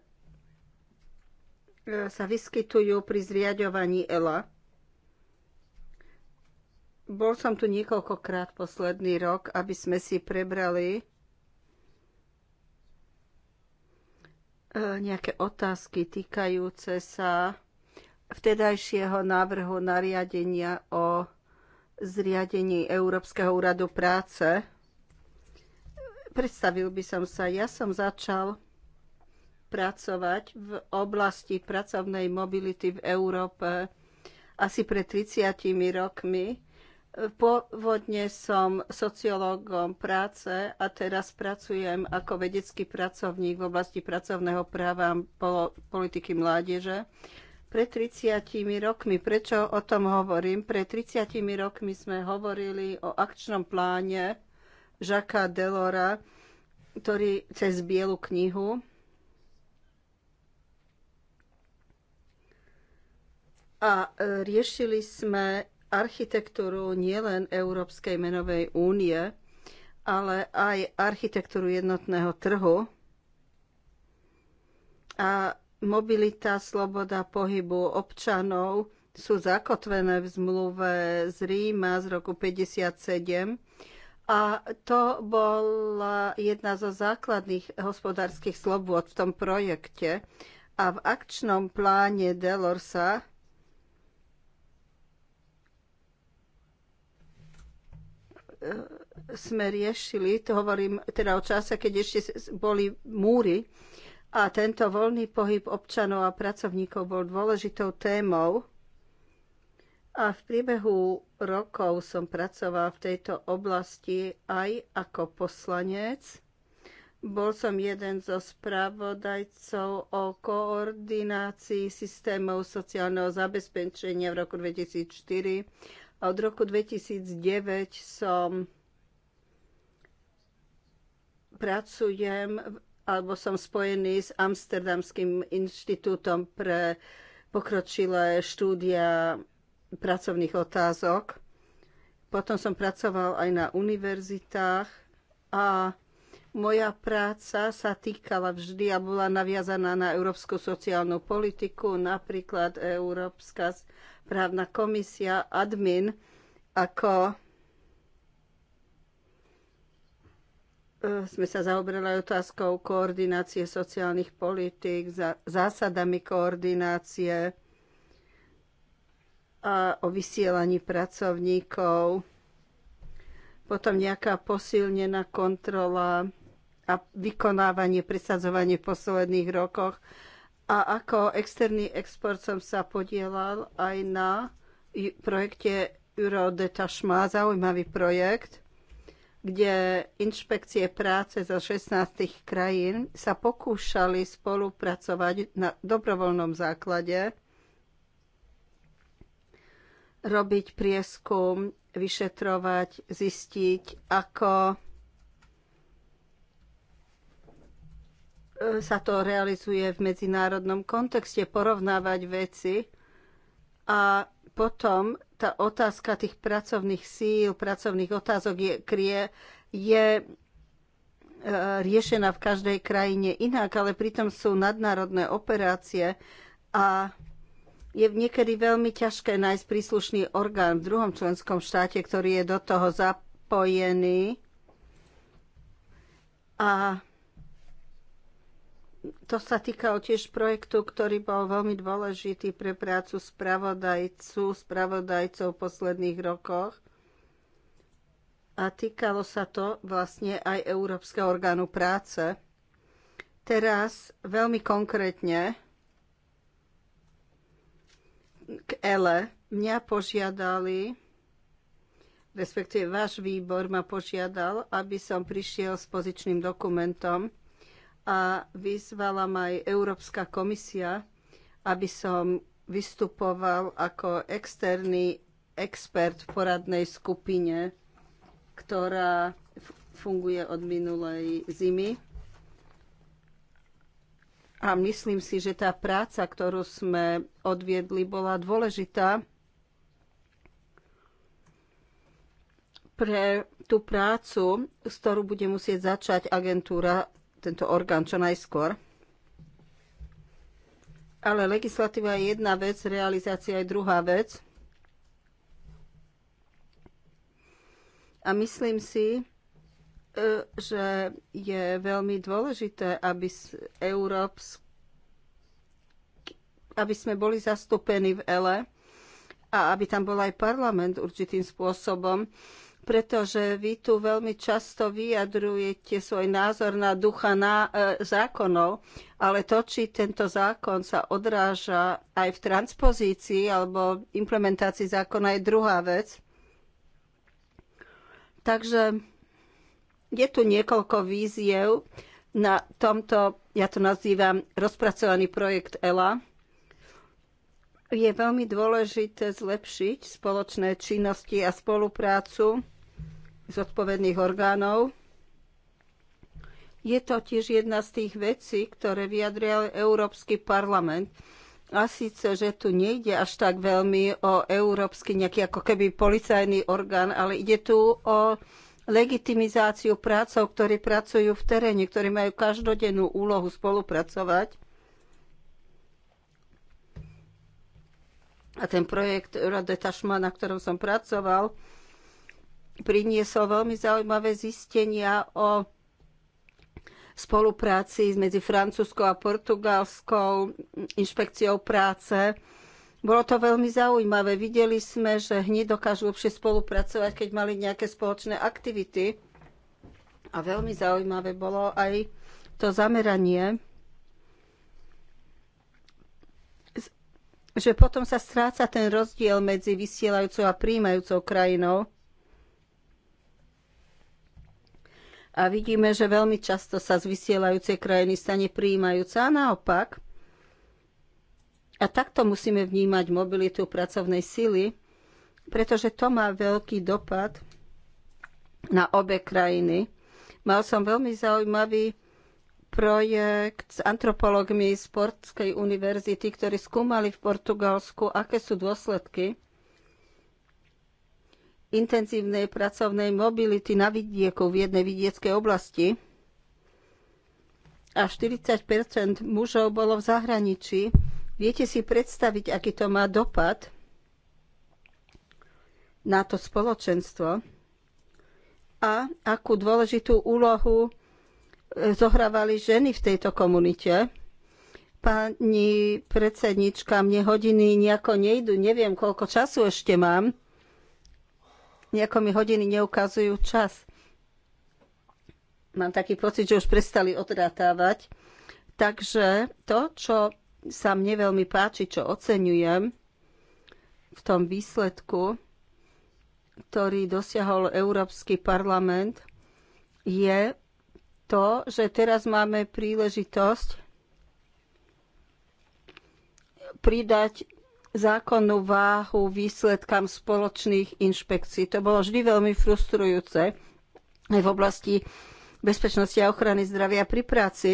e, sa vyskytujú pri zriadovaní ELA. Bol som tu niekoľkokrát posledný rok, aby sme si prebrali e, nejaké otázky týkajúce sa vtedajšieho návrhu nariadenia o zriadení Európskeho úradu práce. Predstavil by som sa, ja som začal pracovať v oblasti pracovnej mobility v Európe asi pred 30 rokmi. Pôvodne som sociológom práce a teraz pracujem ako vedecký pracovník v oblasti pracovného práva a politiky mládeže. Pred 30 rokmi, prečo o tom hovorím? Pred 30 rokmi sme hovorili o akčnom pláne Žaka Delora, ktorý cez Bielu knihu a e, riešili sme architektúru nielen Európskej menovej únie, ale aj architektúru jednotného trhu. A mobilita, sloboda pohybu občanov sú zakotvené v zmluve z Ríma z roku 57 a to bola jedna zo základných hospodárskych slobôd v tom projekte. A v akčnom pláne Delorsa sme riešili, to hovorím teda o čase, keď ešte boli múry, a tento voľný pohyb občanov a pracovníkov bol dôležitou témou. A v priebehu rokov som pracoval v tejto oblasti aj ako poslanec. Bol som jeden zo spravodajcov o koordinácii systémov sociálneho zabezpečenia v roku 2004 a od roku 2009 som pracujem alebo som spojený s Amsterdamským inštitútom pre pokročilé štúdia pracovných otázok. Potom som pracoval aj na univerzitách a moja práca sa týkala vždy a bola naviazaná na európsku sociálnu politiku, napríklad Európska právna komisia, admin ako sme sa zaoberali otázkou koordinácie sociálnych politík, zásadami koordinácie a o vysielaní pracovníkov, potom nejaká posilnená kontrola a vykonávanie, presadzovanie v posledných rokoch. A ako externý export som sa podielal aj na projekte Eurodetachment, zaujímavý projekt, kde inšpekcie práce zo 16 krajín sa pokúšali spolupracovať na dobrovoľnom základe, robiť prieskum, vyšetrovať, zistiť, ako e, sa to realizuje v medzinárodnom kontexte, porovnávať veci a potom tá otázka tých pracovných síl, pracovných otázok je, krie, je e, riešená v každej krajine inak, ale pritom sú nadnárodné operácie a je niekedy veľmi ťažké nájsť príslušný orgán v druhom členskom štáte, ktorý je do toho zapojený. A to sa týkalo tiež projektu, ktorý bol veľmi dôležitý pre prácu spravodajcu, spravodajcov v posledných rokoch. A týkalo sa to vlastne aj Európskeho orgánu práce. Teraz veľmi konkrétne k ELE mňa požiadali, respektíve váš výbor ma požiadal, aby som prišiel s pozičným dokumentom, a vyzvala ma aj Európska komisia, aby som vystupoval ako externý expert v poradnej skupine, ktorá funguje od minulej zimy. A myslím si, že tá práca, ktorú sme odviedli, bola dôležitá pre tú prácu, s ktorú bude musieť začať agentúra tento orgán čo najskôr. Ale legislatíva je jedna vec, realizácia je druhá vec. A myslím si, e, že je veľmi dôležité, aby Európsk aby sme boli zastúpení v ELE a aby tam bol aj parlament určitým spôsobom, pretože vy tu veľmi často vyjadrujete svoj názor na ducha na, e, zákonov, ale to, či tento zákon sa odráža aj v transpozícii alebo implementácii zákona, je druhá vec. Takže je tu niekoľko víziev na tomto, ja to nazývam rozpracovaný projekt ELA, je veľmi dôležité zlepšiť spoločné činnosti a spoluprácu zodpovedných orgánov. Je to tiež jedna z tých vecí, ktoré vyjadril Európsky parlament. A síce, že tu nejde až tak veľmi o európsky nejaký ako keby policajný orgán, ale ide tu o legitimizáciu prácov, ktorí pracujú v teréne, ktorí majú každodennú úlohu spolupracovať. A ten projekt Eurodetašma, na ktorom som pracoval, priniesol veľmi zaujímavé zistenia o spolupráci medzi francúzskou a portugalskou inšpekciou práce. Bolo to veľmi zaujímavé. Videli sme, že hneď dokážu lepšie spolupracovať, keď mali nejaké spoločné aktivity. A veľmi zaujímavé bolo aj to zameranie, že potom sa stráca ten rozdiel medzi vysielajúcou a príjmajúcou krajinou A vidíme, že veľmi často sa z vysielajúcej krajiny stane prijímajúca a naopak. A takto musíme vnímať mobilitu pracovnej sily, pretože to má veľký dopad na obe krajiny. Mal som veľmi zaujímavý projekt s antropologmi z Portskej univerzity, ktorí skúmali v Portugalsku, aké sú dôsledky intenzívnej pracovnej mobility na vidieku v jednej vidieckej oblasti a 40 mužov bolo v zahraničí. Viete si predstaviť, aký to má dopad na to spoločenstvo a akú dôležitú úlohu e, zohrávali ženy v tejto komunite. Pani predsednička, mne hodiny nejako nejdu, neviem, koľko času ešte mám. Nejako mi hodiny neukazujú čas. Mám taký pocit, že už prestali odrátávať. Takže to, čo sa mne veľmi páči, čo oceňujem v tom výsledku, ktorý dosiahol Európsky parlament, je to, že teraz máme príležitosť pridať zákonnú váhu výsledkám spoločných inšpekcií. To bolo vždy veľmi frustrujúce aj v oblasti bezpečnosti a ochrany zdravia pri práci.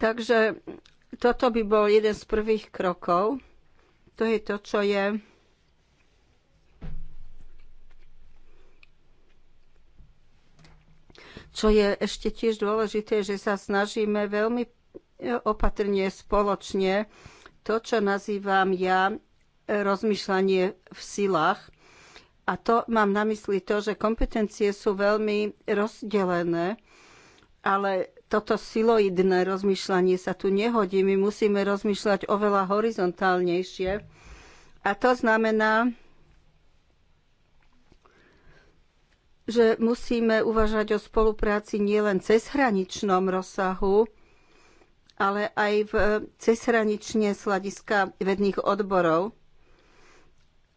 Takže toto by bol jeden z prvých krokov. To je to, čo je Čo je ešte tiež dôležité, že sa snažíme veľmi e, opatrne spoločne to, čo nazývam ja e, rozmýšľanie v silách. A to mám na mysli to, že kompetencie sú veľmi rozdelené, ale toto siloidné rozmýšľanie sa tu nehodí. My musíme rozmýšľať oveľa horizontálnejšie. A to znamená, že musíme uvažať o spolupráci nielen cezhraničnom rozsahu, ale aj v cezhranične z hľadiska vedných odborov.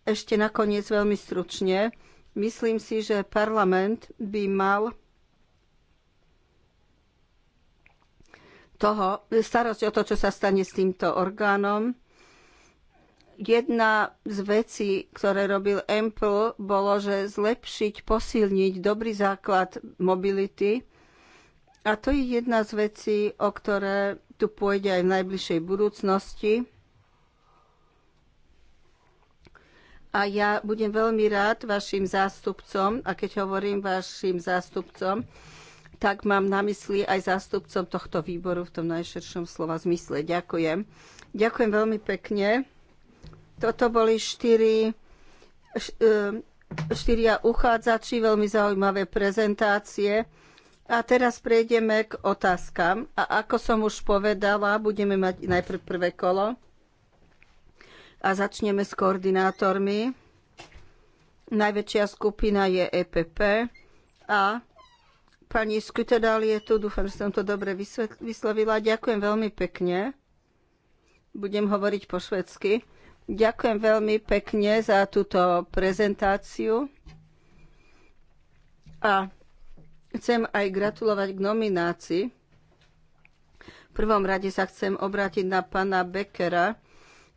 Ešte nakoniec veľmi stručne. Myslím si, že parlament by mal toho, starosť o to, čo sa stane s týmto orgánom, jedna z vecí, ktoré robil Ample, bolo, že zlepšiť, posilniť dobrý základ mobility. A to je jedna z vecí, o ktoré tu pôjde aj v najbližšej budúcnosti. A ja budem veľmi rád vašim zástupcom, a keď hovorím vašim zástupcom, tak mám na mysli aj zástupcom tohto výboru v tom najširšom slova zmysle. Ďakujem. Ďakujem veľmi pekne. Toto boli štyri, e, štyria uchádzači, veľmi zaujímavé prezentácie. A teraz prejdeme k otázkam. A ako som už povedala, budeme mať najprv prvé kolo. A začneme s koordinátormi. Najväčšia skupina je EPP. A pani Skutedal je tu, dúfam, že som to dobre vyslovila. Ďakujem veľmi pekne. Budem hovoriť po švedsky. Ďakujem veľmi pekne za túto prezentáciu a chcem aj gratulovať k nominácii. V prvom rade sa chcem obrátiť na pána Beckera.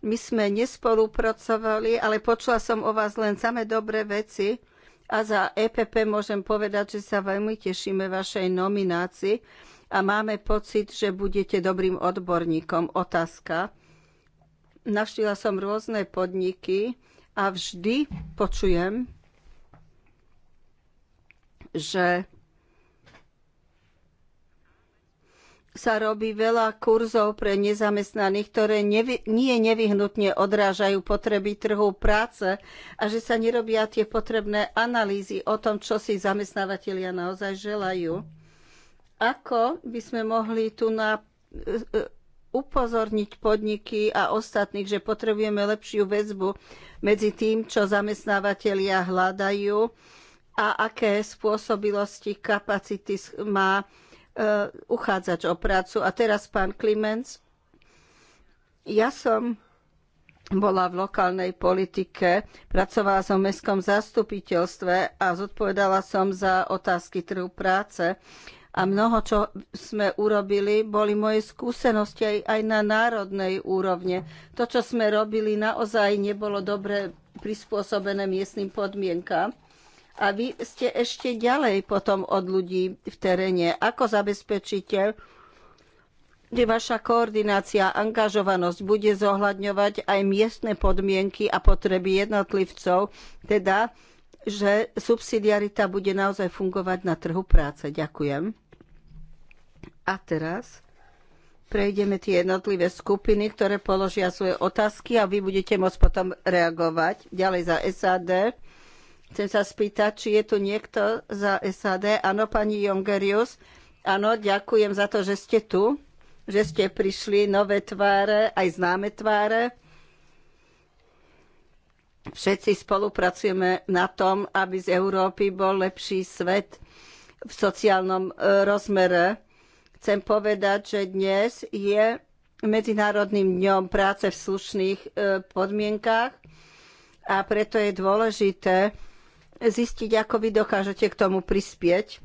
My sme nespolupracovali, ale počula som o vás len samé dobré veci a za EPP môžem povedať, že sa veľmi tešíme vašej nominácii a máme pocit, že budete dobrým odborníkom. Otázka Navštívila som rôzne podniky a vždy počujem, že sa robí veľa kurzov pre nezamestnaných, ktoré nevy, nie nevyhnutne odrážajú potreby trhu práce a že sa nerobia tie potrebné analýzy o tom, čo si zamestnávateľia naozaj želajú. Ako by sme mohli tu na upozorniť podniky a ostatných, že potrebujeme lepšiu väzbu medzi tým, čo zamestnávateľia hľadajú a aké spôsobilosti, kapacity má e, uchádzač o prácu. A teraz pán Klimenc. Ja som bola v lokálnej politike, pracovala som v mestskom zastupiteľstve a zodpovedala som za otázky trhu práce a mnoho, čo sme urobili, boli moje skúsenosti aj, aj na národnej úrovne. To, čo sme robili, naozaj nebolo dobre prispôsobené miestnym podmienkám. A vy ste ešte ďalej potom od ľudí v teréne. Ako zabezpečíte, kde vaša koordinácia a angažovanosť bude zohľadňovať aj miestne podmienky a potreby jednotlivcov, teda že subsidiarita bude naozaj fungovať na trhu práce. Ďakujem. A teraz prejdeme tie jednotlivé skupiny, ktoré položia svoje otázky a vy budete môcť potom reagovať. Ďalej za SAD. Chcem sa spýtať, či je tu niekto za SAD. Áno, pani Jongerius. Áno, ďakujem za to, že ste tu, že ste prišli nové tváre, aj známe tváre. Všetci spolupracujeme na tom, aby z Európy bol lepší svet v sociálnom e, rozmere Chcem povedať, že dnes je Medzinárodným dňom práce v slušných e, podmienkách a preto je dôležité zistiť, ako vy dokážete k tomu prispieť.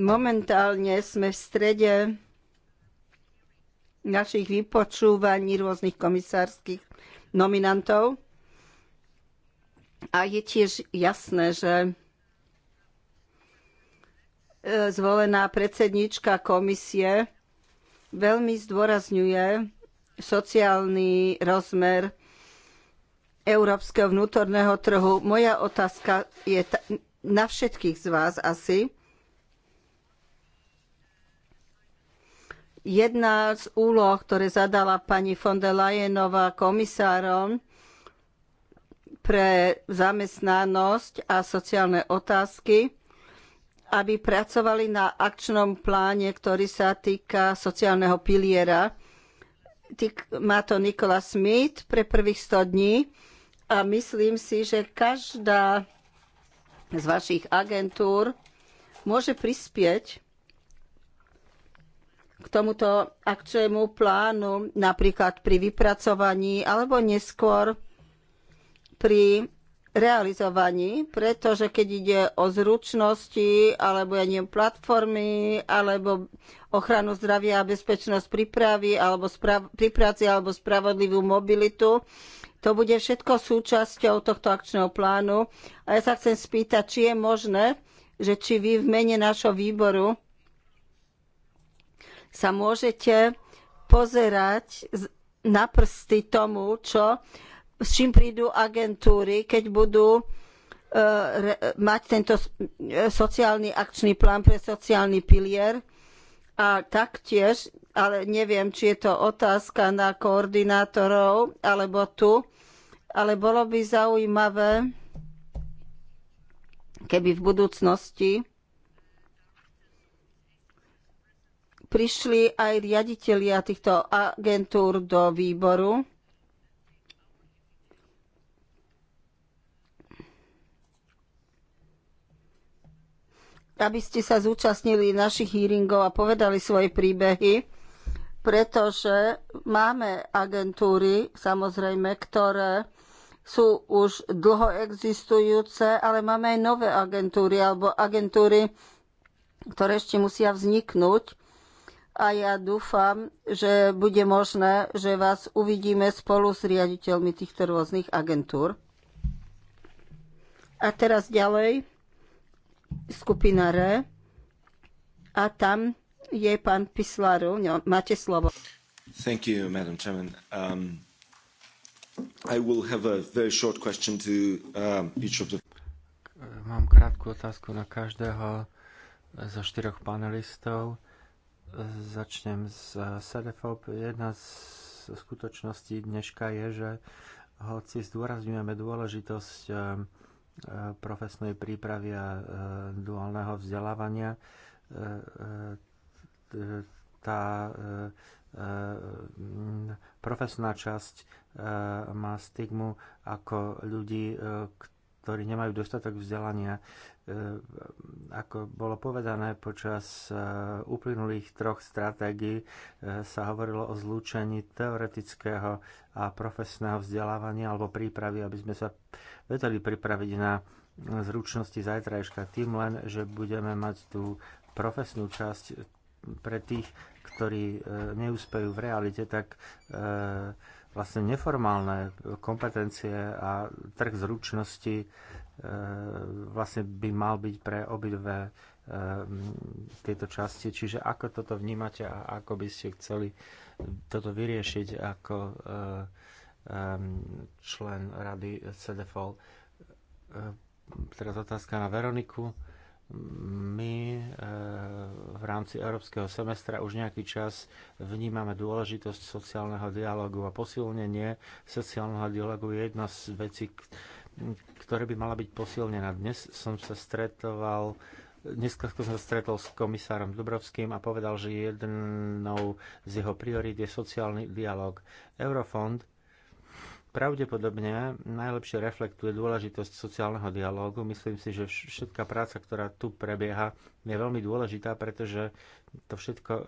Momentálne sme v strede našich vypočúvaní rôznych komisárskych nominantov a je tiež jasné, že zvolená predsedníčka komisie veľmi zdôrazňuje sociálny rozmer európskeho vnútorného trhu. Moja otázka je na všetkých z vás asi. Jedna z úloh, ktoré zadala pani von der Leyenová komisárom pre zamestnanosť a sociálne otázky, aby pracovali na akčnom pláne, ktorý sa týka sociálneho piliera. Má to Nikola Smith pre prvých 100 dní a myslím si, že každá z vašich agentúr môže prispieť k tomuto akčnému plánu, napríklad pri vypracovaní alebo neskôr pri realizovaní, pretože keď ide o zručnosti, alebo ja neviem, platformy, alebo ochranu zdravia a bezpečnosť prípravy, alebo pri práci, alebo spravodlivú mobilitu, to bude všetko súčasťou tohto akčného plánu. A ja sa chcem spýtať, či je možné, že či vy v mene našho výboru sa môžete pozerať na prsty tomu, čo s čím prídu agentúry, keď budú e, mať tento e, sociálny akčný plán pre sociálny pilier. A taktiež, ale neviem, či je to otázka na koordinátorov alebo tu, ale bolo by zaujímavé, keby v budúcnosti prišli aj riaditelia týchto agentúr do výboru aby ste sa zúčastnili našich hearingov a povedali svoje príbehy, pretože máme agentúry, samozrejme, ktoré sú už dlho existujúce, ale máme aj nové agentúry alebo agentúry, ktoré ešte musia vzniknúť. A ja dúfam, že bude možné, že vás uvidíme spolu s riaditeľmi týchto rôznych agentúr. A teraz ďalej skupina RE a tam je pán Pislaru. No, máte slovo. Thank you, Madam Chairman. Um, I will have a very short question to um, each of the... Mám krátku otázku na každého zo štyroch panelistov. Začnem s uh, Sedefob. Jedna z skutočností dneška je, že hoci zdôrazňujeme dôležitosť um, E, profesnej prípravy a e, duálneho vzdelávania. E, tá profesná časť má stigmu ako ľudí, ktorí nemajú dostatok vzdelania. Ako bolo povedané, počas uplynulých troch stratégií sa hovorilo o zlúčení teoretického a profesného vzdelávania alebo prípravy, aby sme sa vedeli pripraviť na zručnosti zajtrajška. Tým len, že budeme mať tú profesnú časť pre tých, ktorí e, neúspejú v realite, tak e, vlastne neformálne kompetencie a trh zručnosti e, vlastne by mal byť pre obidve tieto časti. Čiže ako toto vnímate a ako by ste chceli toto vyriešiť, ako Ehm, člen rady CDFOL. Ehm, teraz otázka na Veroniku. My ehm, v rámci európskeho semestra už nejaký čas vnímame dôležitosť sociálneho dialogu a posilnenie sociálneho dialogu je jedna z vecí, ktoré by mala byť posilnená. Dnes som sa stretoval dnes som sa stretol s komisárom Dubrovským a povedal, že jednou z jeho priorít je sociálny dialog. Eurofond pravdepodobne najlepšie reflektuje dôležitosť sociálneho dialógu. Myslím si, že všetká práca, ktorá tu prebieha, je veľmi dôležitá, pretože to všetko e,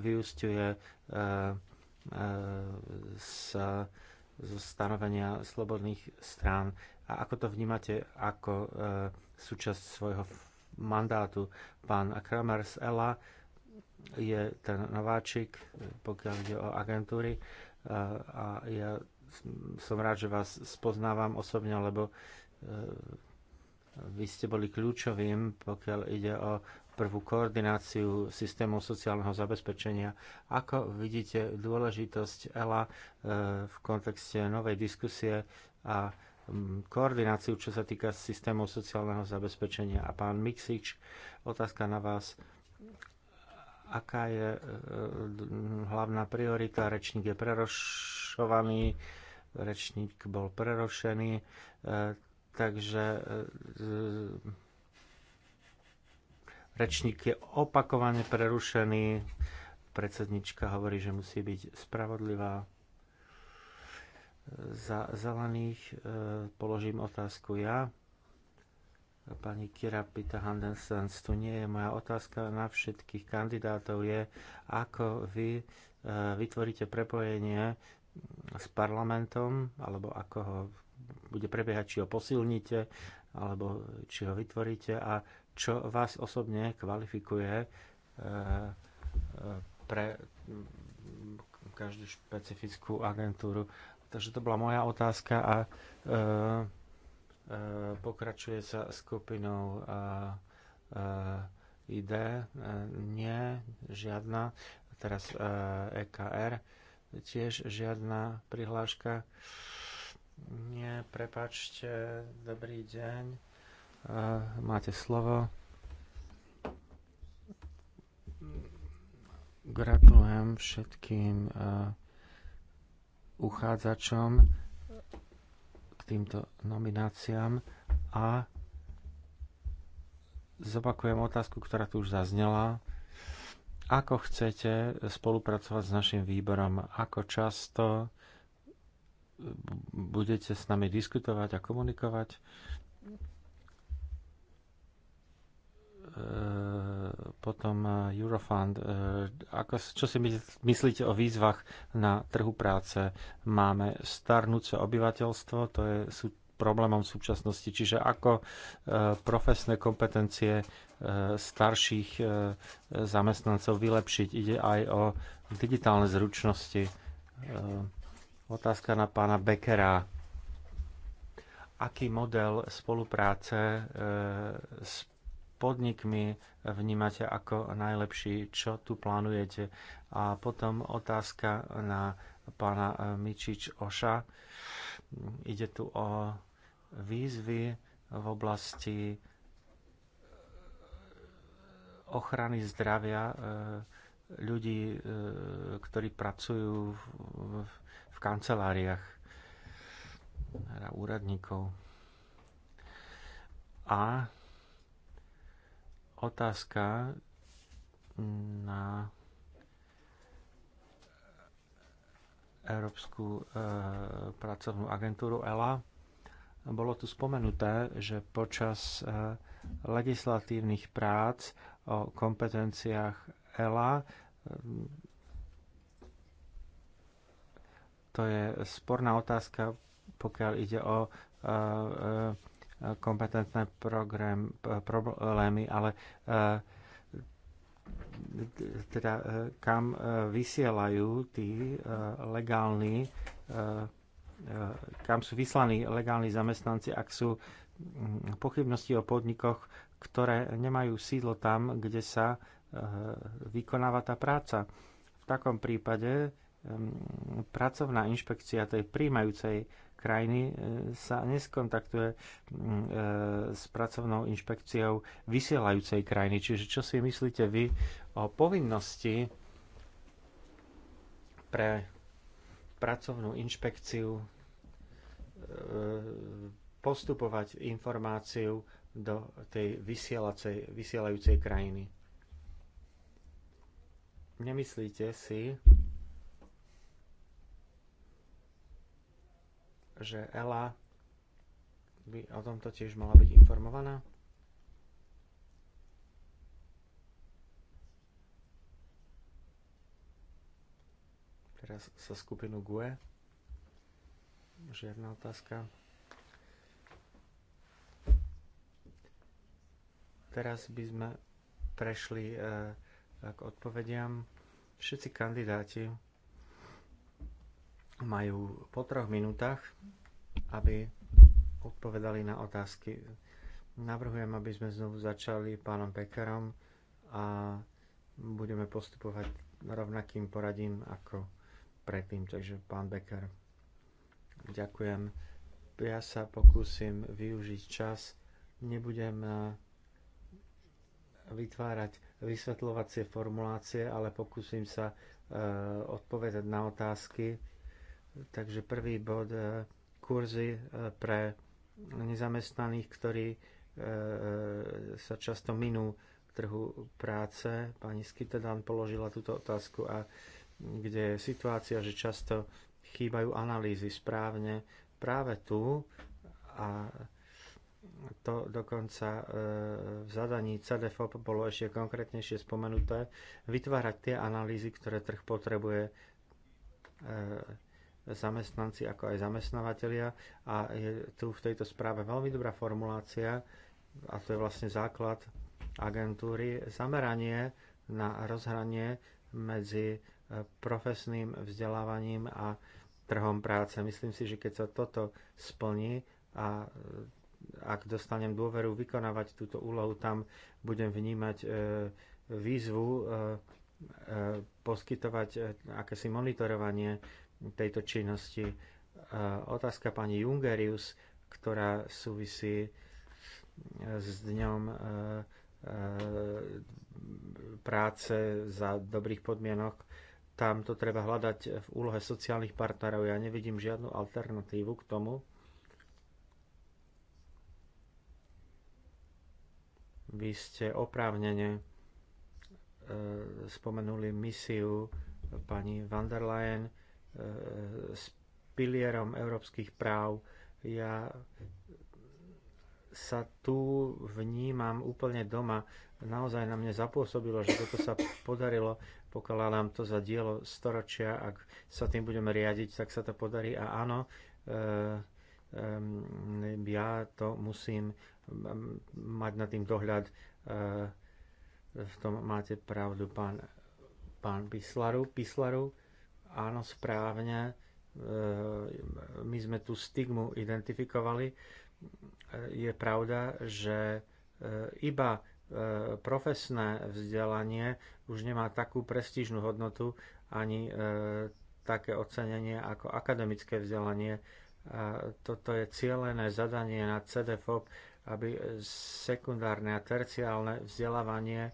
vyústiuje e, e, z stanovenia slobodných strán. A ako to vnímate ako súčasť svojho mandátu? Pán Kramer z ELA je ten nováčik, pokiaľ ide o agentúry. a ja som rád, že vás spoznávam osobne, lebo e, vy ste boli kľúčovým, pokiaľ ide o prvú koordináciu systémov sociálneho zabezpečenia. Ako vidíte dôležitosť ELA e, v kontexte novej diskusie a koordináciu, čo sa týka systému sociálneho zabezpečenia. A pán Mixič, otázka na vás. Aká je e, hlavná priorita? Rečník je preroš prerušovaný, rečník bol prerušený, e, takže e, rečník je opakovane prerušený, predsednička hovorí, že musí byť spravodlivá. E, za zelených položím otázku ja. Pani Kira Pita Handensens, tu nie je moja otázka na všetkých kandidátov, je ako vy vytvoríte prepojenie s parlamentom, alebo ako ho bude prebiehať, či ho posilníte, alebo či ho vytvoríte a čo vás osobne kvalifikuje e, e, pre každú špecifickú agentúru. Takže to bola moja otázka a e, pokračuje sa skupinou ID. Nie, žiadna. Teraz EKR tiež žiadna prihláška. Nie, prepačte, dobrý deň. Uh, máte slovo. Gratulujem všetkým uh, uchádzačom k týmto nomináciám a zopakujem otázku, ktorá tu už zaznela. Ako chcete spolupracovať s našim výborom? Ako často budete s nami diskutovať a komunikovať? E, potom e, Eurofund. E, ako, čo si myslíte o výzvach na trhu práce? Máme starnúce obyvateľstvo, to je sú problémom v súčasnosti, čiže ako profesné kompetencie E, starších e, zamestnancov vylepšiť. Ide aj o digitálne zručnosti. E, otázka na pána Bekera. Aký model spolupráce s podnikmi vnímate ako najlepší, čo tu plánujete. A potom otázka na pána Mičič Oša. Ide tu o výzvy v oblasti ochrany zdravia e, ľudí, e, ktorí pracujú v kanceláriách, a teda úradníkov. A otázka na Európsku e, pracovnú agentúru ELA. Bolo tu spomenuté, že počas legislatívnych prác o kompetenciách ELA. To je sporná otázka, pokiaľ ide o e, e, kompetentné program, e, problémy, ale teda kam vysielajú tí legálni, kam sú vyslaní legálni zamestnanci, ak sú pochybnosti o podnikoch, ktoré nemajú sídlo tam, kde sa e, vykonáva tá práca. V takom prípade e, pracovná inšpekcia tej príjmajúcej krajiny e, sa neskontaktuje s pracovnou inšpekciou vysielajúcej krajiny. Čiže čo si myslíte vy o povinnosti pre pracovnú inšpekciu postupovať informáciu do tej vysielajúcej krajiny. Nemyslíte si, že Ela by o tomto tiež mala byť informovaná? Teraz sa skupinu GUE. Žiadna otázka. Teraz by sme prešli e, k odpovediam. Všetci kandidáti majú po troch minútach, aby odpovedali na otázky. Navrhujem, aby sme znovu začali pánom Pekerom a budeme postupovať rovnakým poradím ako predtým. Takže pán Becker, ďakujem. Ja sa pokúsim využiť čas. Nebudem e, vytvárať vysvetľovacie formulácie, ale pokúsim sa e, odpovedať na otázky. Takže prvý bod, e, kurzy e, pre nezamestnaných, ktorí sa často minú trhu práce. Pani Skytedan položila túto otázku a kde je situácia, že často chýbajú analýzy správne práve tu a to dokonca e, v zadaní CDFOP bolo ešte konkrétnejšie spomenuté, vytvárať tie analýzy, ktoré trh potrebuje e, zamestnanci ako aj zamestnávateľia a je tu v tejto správe veľmi dobrá formulácia a to je vlastne základ agentúry, zameranie na rozhranie medzi e, profesným vzdelávaním a trhom práce. Myslím si, že keď sa toto splní a ak dostanem dôveru vykonávať túto úlohu, tam budem vnímať e, výzvu e, e, poskytovať akési monitorovanie tejto činnosti. Otázka pani Jungerius, ktorá súvisí s dňom práce za dobrých podmienok. Tam to treba hľadať v úlohe sociálnych partnerov. Ja nevidím žiadnu alternatívu k tomu, Vy ste oprávnene e, spomenuli misiu pani van der Leyen e, s pilierom európskych práv. Ja sa tu vnímam úplne doma. Naozaj na mne zapôsobilo, že toto sa podarilo. Pokladám to za dielo storočia. Ak sa tým budeme riadiť, tak sa to podarí. A áno, e, ja to musím mať na tým dohľad. E, v tom máte pravdu, pán, pán Pislaru. Pislaru, áno, správne. E, my sme tú stigmu identifikovali. E, je pravda, že iba profesné vzdelanie už nemá takú prestížnu hodnotu ani také ocenenie ako akademické vzdelanie. Toto je cieľené zadanie na CDFOP aby sekundárne a terciálne vzdelávanie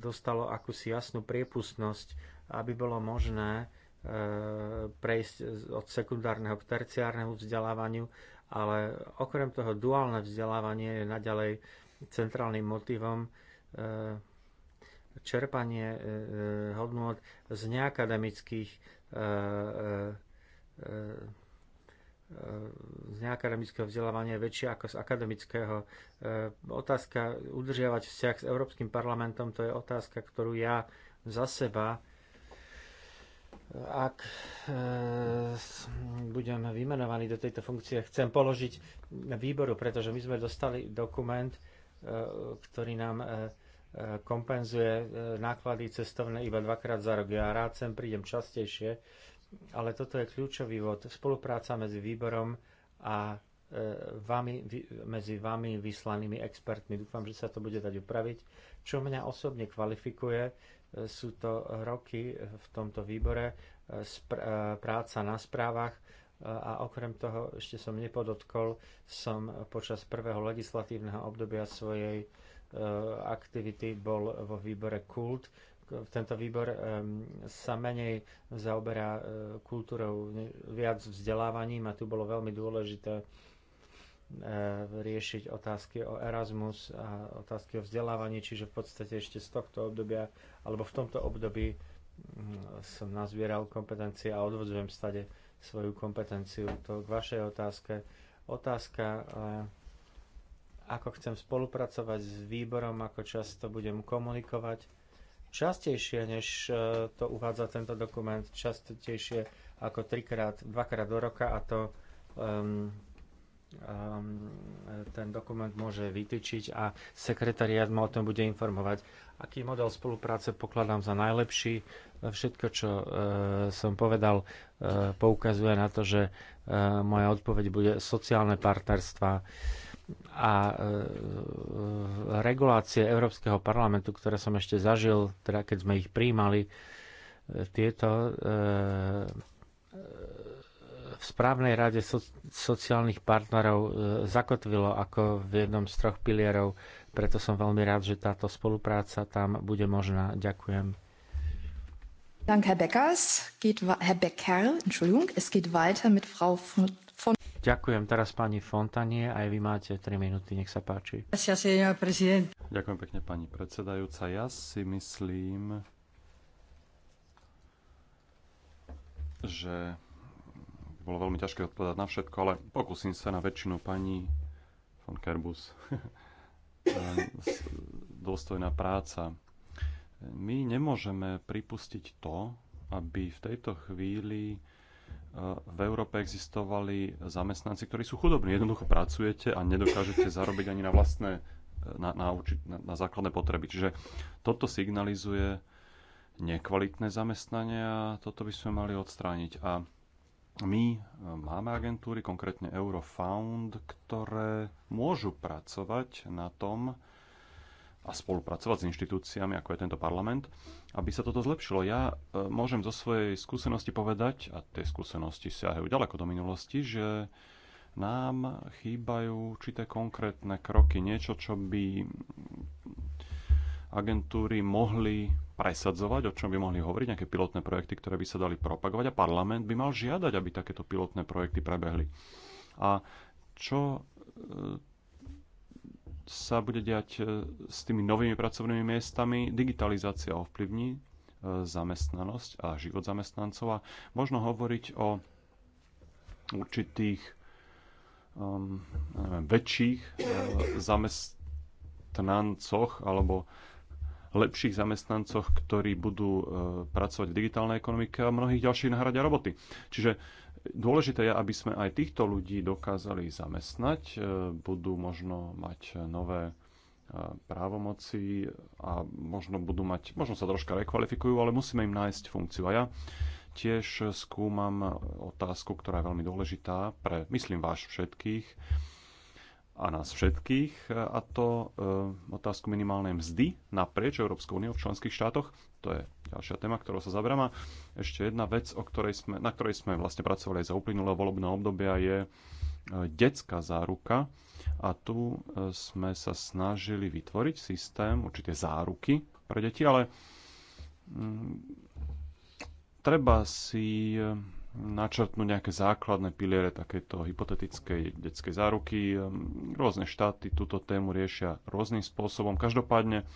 dostalo akúsi jasnú priepustnosť, aby bolo možné e, prejsť od sekundárneho k terciárnemu vzdelávaniu, ale okrem toho duálne vzdelávanie je naďalej centrálnym motivom e, čerpanie e, hodnot z neakademických E, z neakademického vzdelávania je väčšia ako z akademického. E, otázka udržiavať vzťah s Európskym parlamentom, to je otázka, ktorú ja za seba, ak e, budem vymenovaný do tejto funkcie, chcem položiť výboru, pretože my sme dostali dokument, ktorý nám kompenzuje náklady cestovné iba dvakrát za rok. Ja rád sem prídem častejšie, ale toto je kľúčový vod. Spolupráca medzi výborom a e, vami, medzi vami vyslanými expertmi. Dúfam, že sa to bude dať upraviť. Čo mňa osobne kvalifikuje, e, sú to roky v tomto výbore, e, práca na správach a okrem toho ešte som nepodotkol, som počas prvého legislatívneho obdobia svojej aktivity bol vo výbore KULT, tento výbor ehm, sa menej zaoberá e, kultúrou, viac vzdelávaním a tu bolo veľmi dôležité e, riešiť otázky o Erasmus a otázky o vzdelávaní, čiže v podstate ešte z tohto obdobia alebo v tomto období mm, som nazbieral kompetencie a odvodzujem stade svoju kompetenciu. To k vašej otázke. Otázka, e, ako chcem spolupracovať s výborom, ako často budem komunikovať častejšie, než e, to uvádza tento dokument, častejšie ako trikrát, dvakrát do roka a to um, um, ten dokument môže vytýčiť a sekretariat ma o tom bude informovať. Aký model spolupráce pokladám za najlepší? E, všetko, čo uh, som povedal, uh, poukazuje na to, že uh, moja odpoveď bude sociálne partnerstva. Uh, a e, e, regulácie Európskeho parlamentu, ktoré som ešte zažil, teda keď sme ich príjmali, e, tieto v správnej rade so, sociálnych partnerov e, zakotvilo ako v jednom z troch pilierov. Preto som veľmi rád, že táto spolupráca tam bude možná. Ďakujem. Danke, Herr Beckers. Geht, Herr Becker, Entschuldigung, es geht weiter mit Frau Ďakujem teraz pani Fontanie, aj vy máte 3 minúty, nech sa páči. Ďakujem pekne pani predsedajúca. Ja si myslím, že bolo veľmi ťažké odpovedať na všetko, ale pokúsim sa na väčšinu pani von Kerbus. Dôstojná práca. My nemôžeme pripustiť to, aby v tejto chvíli v Európe existovali zamestnanci, ktorí sú chudobní. Jednoducho pracujete a nedokážete zarobiť ani na vlastné, na, na, na, na základné potreby. Čiže toto signalizuje nekvalitné zamestnanie a toto by sme mali odstrániť. A my e, máme agentúry, konkrétne Eurofound, ktoré môžu pracovať na tom, a spolupracovať s inštitúciami, ako je tento parlament, aby sa toto zlepšilo. Ja e, môžem zo svojej skúsenosti povedať, a tie skúsenosti siahajú ďaleko do minulosti, že nám chýbajú určité konkrétne kroky, niečo, čo by agentúry mohli presadzovať, o čom by mohli hovoriť, nejaké pilotné projekty, ktoré by sa dali propagovať a parlament by mal žiadať, aby takéto pilotné projekty prebehli. A čo e, sa bude diať e, s tými novými pracovnými miestami. Digitalizácia ovplyvní e, zamestnanosť a život zamestnancov a možno hovoriť o určitých um, neviem, väčších e, zamestnancoch alebo lepších zamestnancoch, ktorí budú uh, pracovať v digitálnej ekonomike a mnohých ďalších nahradia roboty. Čiže Dôležité je, aby sme aj týchto ľudí dokázali zamestnať, e, budú možno mať nové e, právomoci a možno budú mať, možno sa troška rekvalifikujú, ale musíme im nájsť funkciu. A ja tiež skúmam otázku, ktorá je veľmi dôležitá pre, myslím, vás všetkých a nás všetkých, a to e, otázku minimálnej mzdy naprieč Európskou úniou v členských štátoch. To je ďalšia téma, ktorou sa zabrama. Ešte jedna vec, o ktorej sme, na ktorej sme vlastne pracovali aj za uplynulé volebné obdobia, je e, detská záruka. A tu e, sme sa snažili vytvoriť systém, určite záruky pre deti, ale mm, treba si e, načrtnúť nejaké základné piliere takéto hypotetickej detskej záruky. Rôzne štáty túto tému riešia rôznym spôsobom. Každopádne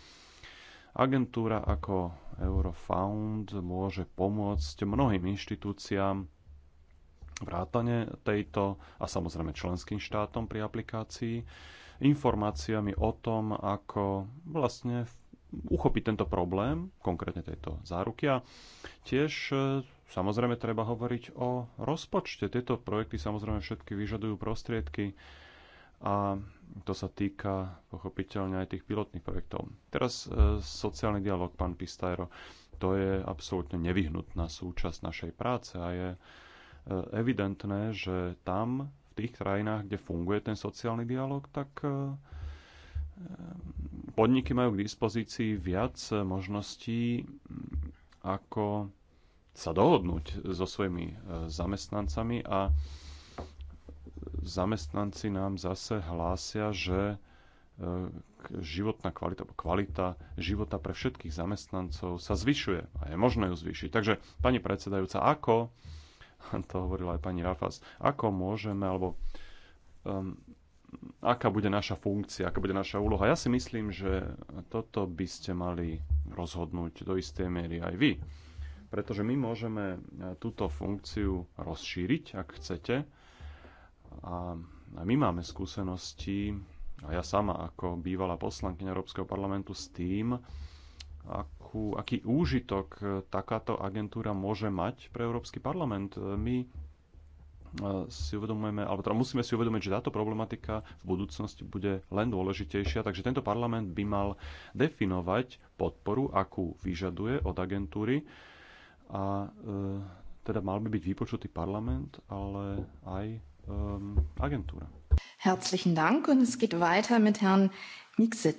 Agentúra ako Eurofound môže pomôcť mnohým inštitúciám vrátane tejto a samozrejme členským štátom pri aplikácii informáciami o tom, ako vlastne uchopiť tento problém, konkrétne tejto záruky. A tiež e, samozrejme treba hovoriť o rozpočte. Tieto projekty samozrejme všetky vyžadujú prostriedky a to sa týka pochopiteľne aj tých pilotných projektov. Teraz e, sociálny dialog, pán Pistajro, to je absolútne nevyhnutná súčasť našej práce a je e, evidentné, že tam, v tých krajinách, kde funguje ten sociálny dialog, tak e, e podniky majú k dispozícii viac e, možností, ako sa dohodnúť so svojimi e, zamestnancami a zamestnanci nám zase hlásia, že e, životná kvalita, kvalita života pre všetkých zamestnancov sa zvyšuje a je možné ju zvýšiť. Takže, pani predsedajúca, ako, to hovorila aj pani Rafas, ako môžeme, alebo um, aká bude naša funkcia, aká bude naša úloha. Ja si myslím, že toto by ste mali rozhodnúť do istej miery aj vy. Pretože my môžeme e, túto funkciu rozšíriť, ak chcete, a, a my máme skúsenosti, a ja sama ako bývalá poslankyňa Európskeho parlamentu s tým, akú, aký úžitok takáto agentúra môže mať pre Európsky parlament. My e, si uvedomujeme, alebo teda musíme si uvedomiť, že táto problematika v budúcnosti bude len dôležitejšia, takže tento parlament by mal definovať podporu, akú vyžaduje od agentúry a e, teda mal by byť vypočutý parlament, ale aj agentúra. Herzlichen Dank und es geht weiter mit Herrn Nixit.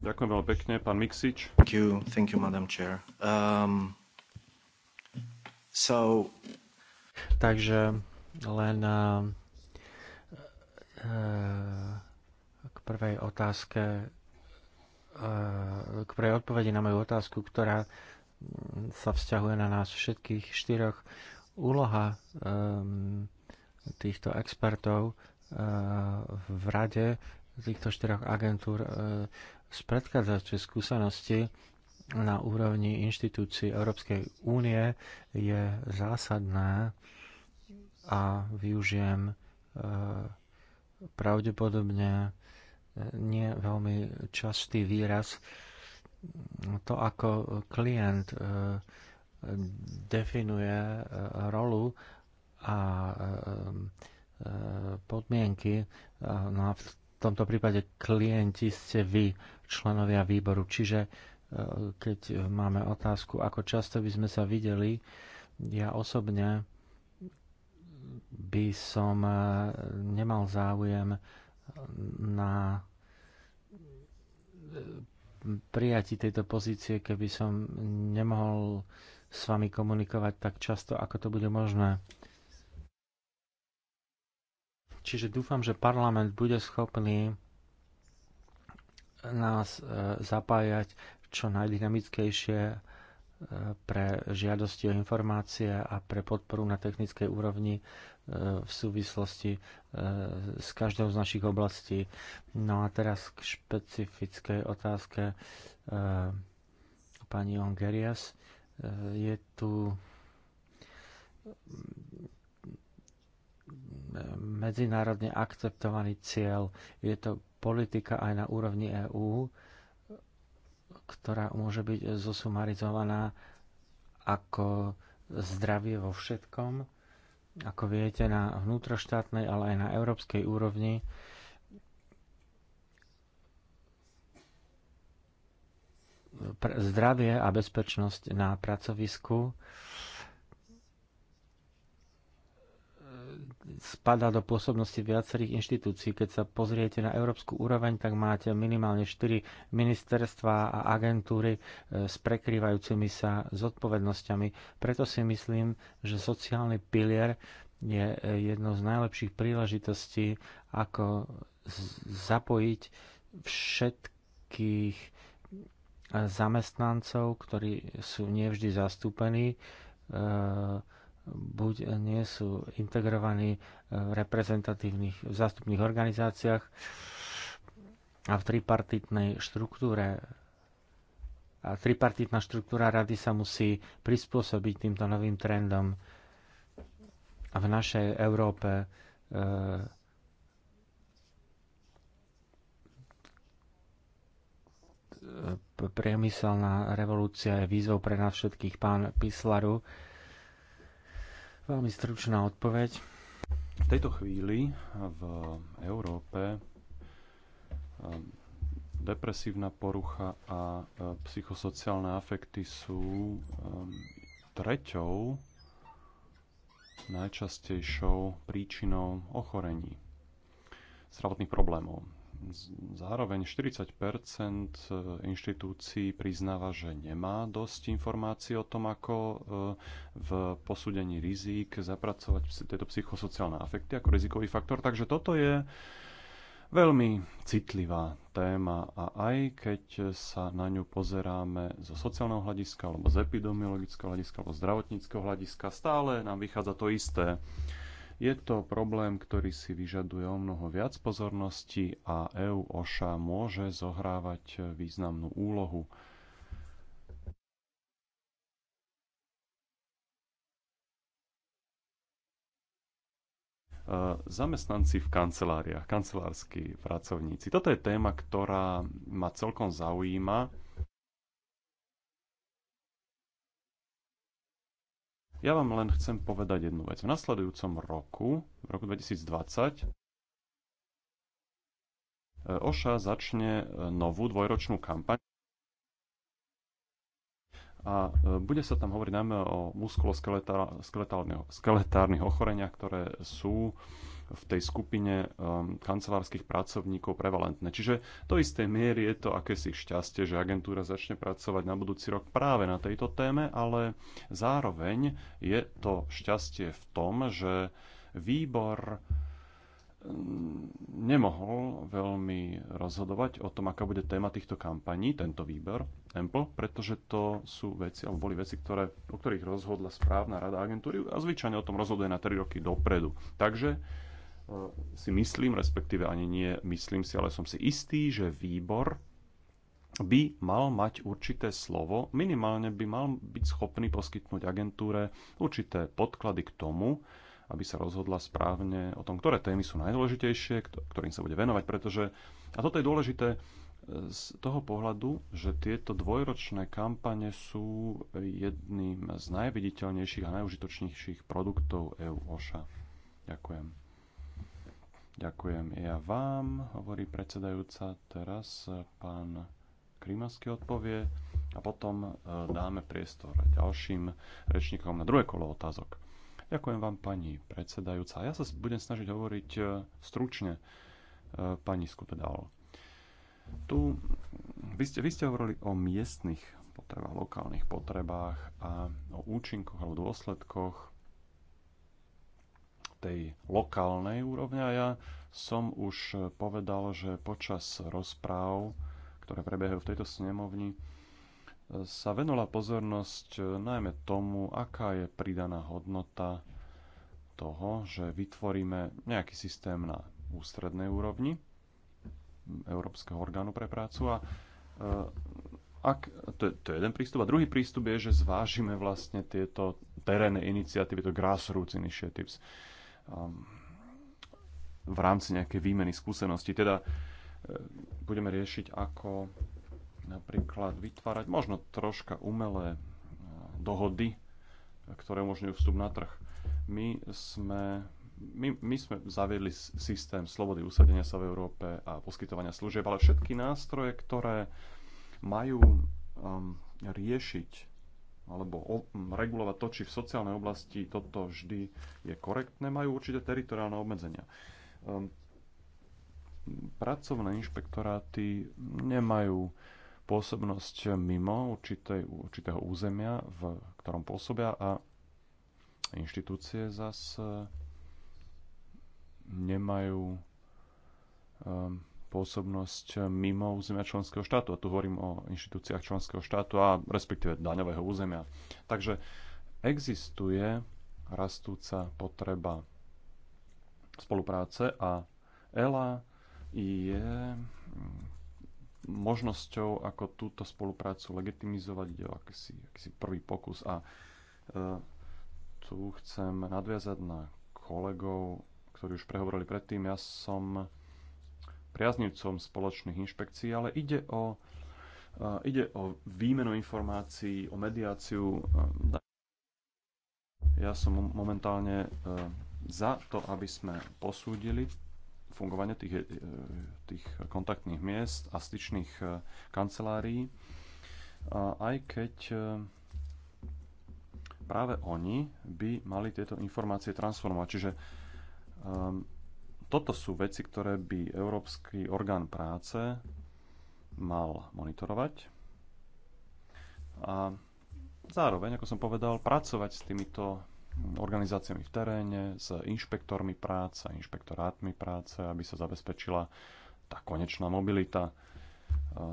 Ďakujem veľmi pekne, pán Mixič. Thank you, thank you, Madam Chair. Um, so... Takže len uh, uh, k prvej otázke, uh, k prvej odpovedi na moju otázku, ktorá sa vzťahuje na nás všetkých štyroch úloha ehm, týchto expertov eh, v rade týchto štyroch agentúr eh, z predchádzajúcej skúsenosti na úrovni inštitúcií Európskej únie je zásadná a využijem eh, pravdepodobne nie veľmi častý výraz to, ako klient definuje e, rolu a e, e, podmienky. No a v tomto prípade klienti ste vy, členovia výboru. Čiže keď máme otázku, ako často by sme sa videli, ja osobne by som nemal záujem na prijati tejto pozície, keby som nemohol s vami komunikovať tak často, ako to bude možné. Čiže dúfam, že parlament bude schopný nás e, zapájať čo najdynamickejšie e, pre žiadosti o informácie a pre podporu na technickej úrovni e, v súvislosti s každou z našich oblastí. No a teraz k špecifickej otázke pani Ongerias. Eh, je tu mm, eh, medzinárodne akceptovaný cieľ. Je to politika aj na úrovni EÚ, ktorá môže byť zosumarizovaná ako zdravie vo všetkom. Ako viete, na vnútroštátnej, ale aj na európskej úrovni zdravie a bezpečnosť na pracovisku e, spadá do pôsobnosti viacerých inštitúcií. Keď sa pozriete na európsku úroveň, tak máte minimálne 4 ministerstva a agentúry e, s prekrývajúcimi sa zodpovednosťami. Preto si myslím, že sociálny pilier je e, jednou z najlepších príležitostí, ako zapojiť všetkých zamestnancov, ktorí sú nevždy zastúpení, e, buď nie sú integrovaní v reprezentatívnych v zástupných organizáciách a v tripartitnej štruktúre. A tripartitná štruktúra rady sa musí prispôsobiť týmto novým trendom. A v našej Európe e, priemyselná revolúcia je výzvou pre nás všetkých. Pán Pislaru, veľmi stručná odpoveď. V tejto chvíli v Európe ehm, depresívna porucha a e, psychosociálne afekty sú ehm, treťou najčastejšou príčinou ochorení zdravotných problémov. Zároveň 40 e, inštitúcií priznáva, že nemá dosť informácií o tom, ako e, v posúdení rizík zapracovať tieto psychosociálne afekty ako rizikový faktor. Takže toto je veľmi citlivá téma a aj keď sa na ňu pozeráme zo sociálneho hľadiska alebo z epidemiologického hľadiska alebo zdravotníckého hľadiska, stále nám vychádza to isté je to problém, ktorý si vyžaduje o mnoho viac pozornosti a EU OŠA môže zohrávať významnú úlohu. E, zamestnanci v kanceláriách, kancelársky pracovníci. Toto je téma, ktorá ma celkom zaujíma Ja vám len chcem povedať jednu vec. V nasledujúcom roku, v roku 2020, e, OŠA začne e, novú dvojročnú kampaň a e, bude sa tam hovoriť najmä o muskuloskeletárnych ochoreniach, ktoré sú v tej skupine um, kancelárskych pracovníkov prevalentné. Čiže do istej miery je to akési šťastie, že agentúra začne pracovať na budúci rok práve na tejto téme, ale zároveň je to šťastie v tom, že výbor mm, nemohol veľmi rozhodovať o tom, aká bude téma týchto kampaní, tento výber, Ample, pretože to sú veci, alebo boli veci, ktoré, o ktorých rozhodla správna rada agentúry a zvyčajne o tom rozhoduje na 3 roky dopredu. Takže si myslím, respektíve ani nie myslím si, ale som si istý, že výbor by mal mať určité slovo, minimálne by mal byť schopný poskytnúť agentúre určité podklady k tomu, aby sa rozhodla správne o tom, ktoré témy sú najdôležitejšie, ktorým sa bude venovať, pretože, a toto je dôležité e, z toho pohľadu, že tieto dvojročné kampane sú jedným z najviditeľnejších a najužitočnejších produktov EU OŠA. Ďakujem. Ďakujem ja vám, hovorí predsedajúca. Teraz e, pán Krimasky odpovie a potom e, dáme priestor ďalším rečníkom na druhé kolo otázok. Ďakujem vám, pani predsedajúca. Ja sa budem snažiť hovoriť e, stručne. Pani Skupedal. Tu vy ste, vy ste hovorili o miestnych potrebách, lokálnych potrebách a o účinkoch alebo dôsledkoch tej lokálnej úrovne a ja som už povedal, že počas rozpráv, ktoré prebiehajú v tejto snemovni, sa venula pozornosť najmä tomu, aká je pridaná hodnota toho, že vytvoríme nejaký systém na ústrednej úrovni Európskeho orgánu pre prácu a e, ak, to, to je jeden prístup. A druhý prístup je, že zvážime vlastne tieto terénne iniciatívy, to grassroots initiatives. Uh, Ehm, v rámci nejakej výmeny skúseností. Teda e, budeme riešiť, ako napríklad vytvárať možno troška umelé e, dohody, ktoré umožňujú vstup na trh. My sme, my, my sme zaviedli systém slobody usadenia sa v Európe a poskytovania služieb, ale všetky nástroje, ktoré majú um, riešiť alebo regulovať to, či v sociálnej oblasti toto vždy je korektné, majú určite teritoriálne obmedzenia. Ehm, pracovné inšpektoráty nemajú pôsobnosť mimo určitej, určitého územia, v ktorom pôsobia a inštitúcie zase ehm, nemajú um, pôsobnosť mimo územia členského štátu. A tu hovorím o inštitúciách členského štátu a respektíve daňového územia. Takže existuje rastúca potreba spolupráce a ELA je možnosťou, ako túto spoluprácu legitimizovať, ide o akýsi, akýsi prvý pokus. A e, tu chcem nadviazať na kolegov, ktorí už prehovorili predtým. Ja som priaznivcom spoločných inšpekcií, ale ide o, ide o výmenu informácií, o mediáciu. Ja som momentálne e, za to, aby sme posúdili fungovanie tých, e, tých kontaktných miest a styčných e, kancelárií, aj keď práve oni by mali tieto informácie transformovať. Čiže toto sú veci, ktoré by Európsky orgán práce mal monitorovať a zároveň, ako som povedal, pracovať s týmito organizáciami v teréne, s inšpektormi práce, inšpektorátmi práce, aby sa zabezpečila tá konečná mobilita e,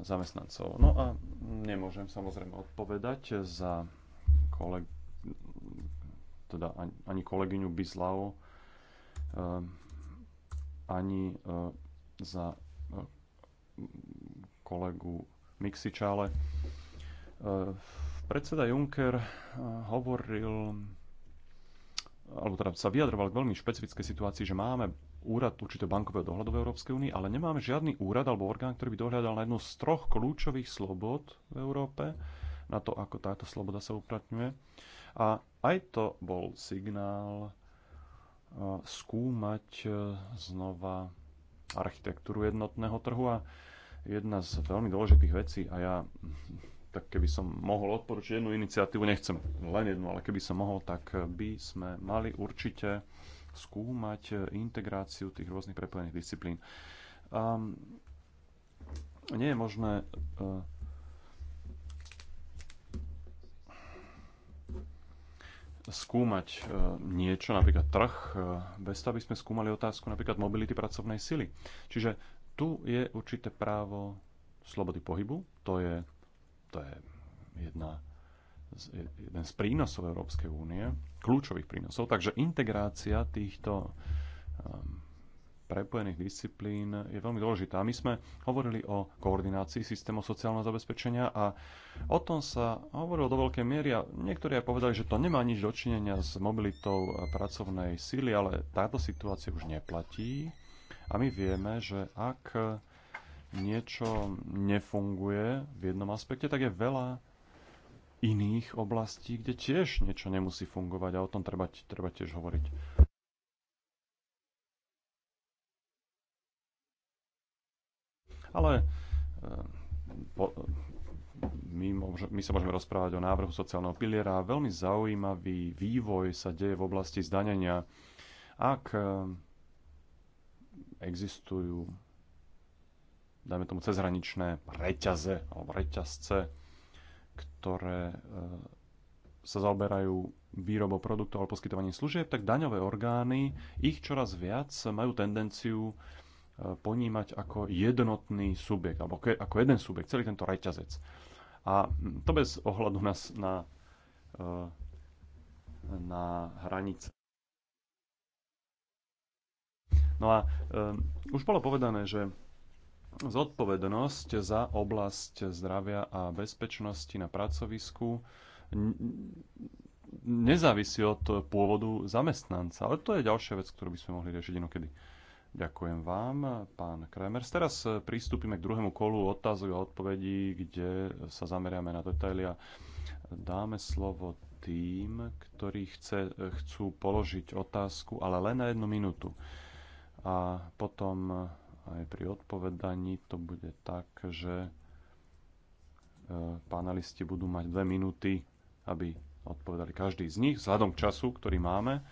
zamestnancov. No a nemôžem samozrejme odpovedať za koleg- teda ani kolegyňu Bizlau, e, ani e, za e, kolegu Mixiča, ale e, predseda Juncker hovoril, alebo teda sa vyjadroval k veľmi špecifickej situácii, že máme úrad určite bankového dohľadu v Európskej únii, ale nemáme žiadny úrad alebo orgán, ktorý by dohľadal na jednu z troch kľúčových slobod v Európe, na to, ako táto sloboda sa uplatňuje. A aj to bol signál skúmať e, znova architektúru jednotného trhu a jedna z veľmi dôležitých vecí a ja tak keby som mohol odporučiť jednu iniciatívu, nechcem len jednu, ale keby som mohol, tak by sme mali určite skúmať e, integráciu tých rôznych prepojených disciplín. Um, nie je možné uh, skúmať e, niečo, napríklad trh, e, bez toho, aby sme skúmali otázku napríklad mobility pracovnej sily. Čiže tu je určité právo slobody pohybu, to je, to je jedna, jeden z prínosov Európskej únie, kľúčových prínosov. Takže integrácia týchto um, prepojených disciplín je veľmi dôležitá. My sme hovorili o koordinácii systému sociálneho zabezpečenia a o tom sa hovorilo do veľkej miery a niektorí aj povedali, že to nemá nič dočinenia s mobilitou pracovnej síly, ale táto situácia už neplatí a my vieme, že ak niečo nefunguje v jednom aspekte, tak je veľa iných oblastí, kde tiež niečo nemusí fungovať a o tom treba, treba tiež hovoriť. Ale e, po, my, môž, my sa môžeme rozprávať o návrhu sociálneho piliera. Veľmi zaujímavý vývoj sa deje v oblasti zdanenia. Ak e, existujú, dajme tomu, cezhraničné reťaze alebo reťazce, ktoré e, sa zaoberajú výrobou produktov alebo poskytovaním služieb, tak daňové orgány ich čoraz viac majú tendenciu ponímať ako jednotný subjekt, alebo ako jeden subjekt, celý tento reťazec. A to bez ohľadu nás na, e, na hranice. No a um, už bolo povedané, že zodpovednosť za oblasť zdravia a bezpečnosti na pracovisku nezávisí od pôvodu zamestnanca. Ale to je ďalšia vec, ktorú by sme mohli riešiť inokedy. Ďakujem vám, pán Kremers. Teraz e, pristúpime k druhému kolu otázok a odpovedí, kde sa zameriame na detaily a dáme slovo tým, ktorí chce, chcú položiť otázku, ale len na jednu minútu. A potom e, aj pri odpovedaní to bude tak, že e, panelisti budú mať dve minúty, aby odpovedali každý z nich, vzhľadom k času, ktorý máme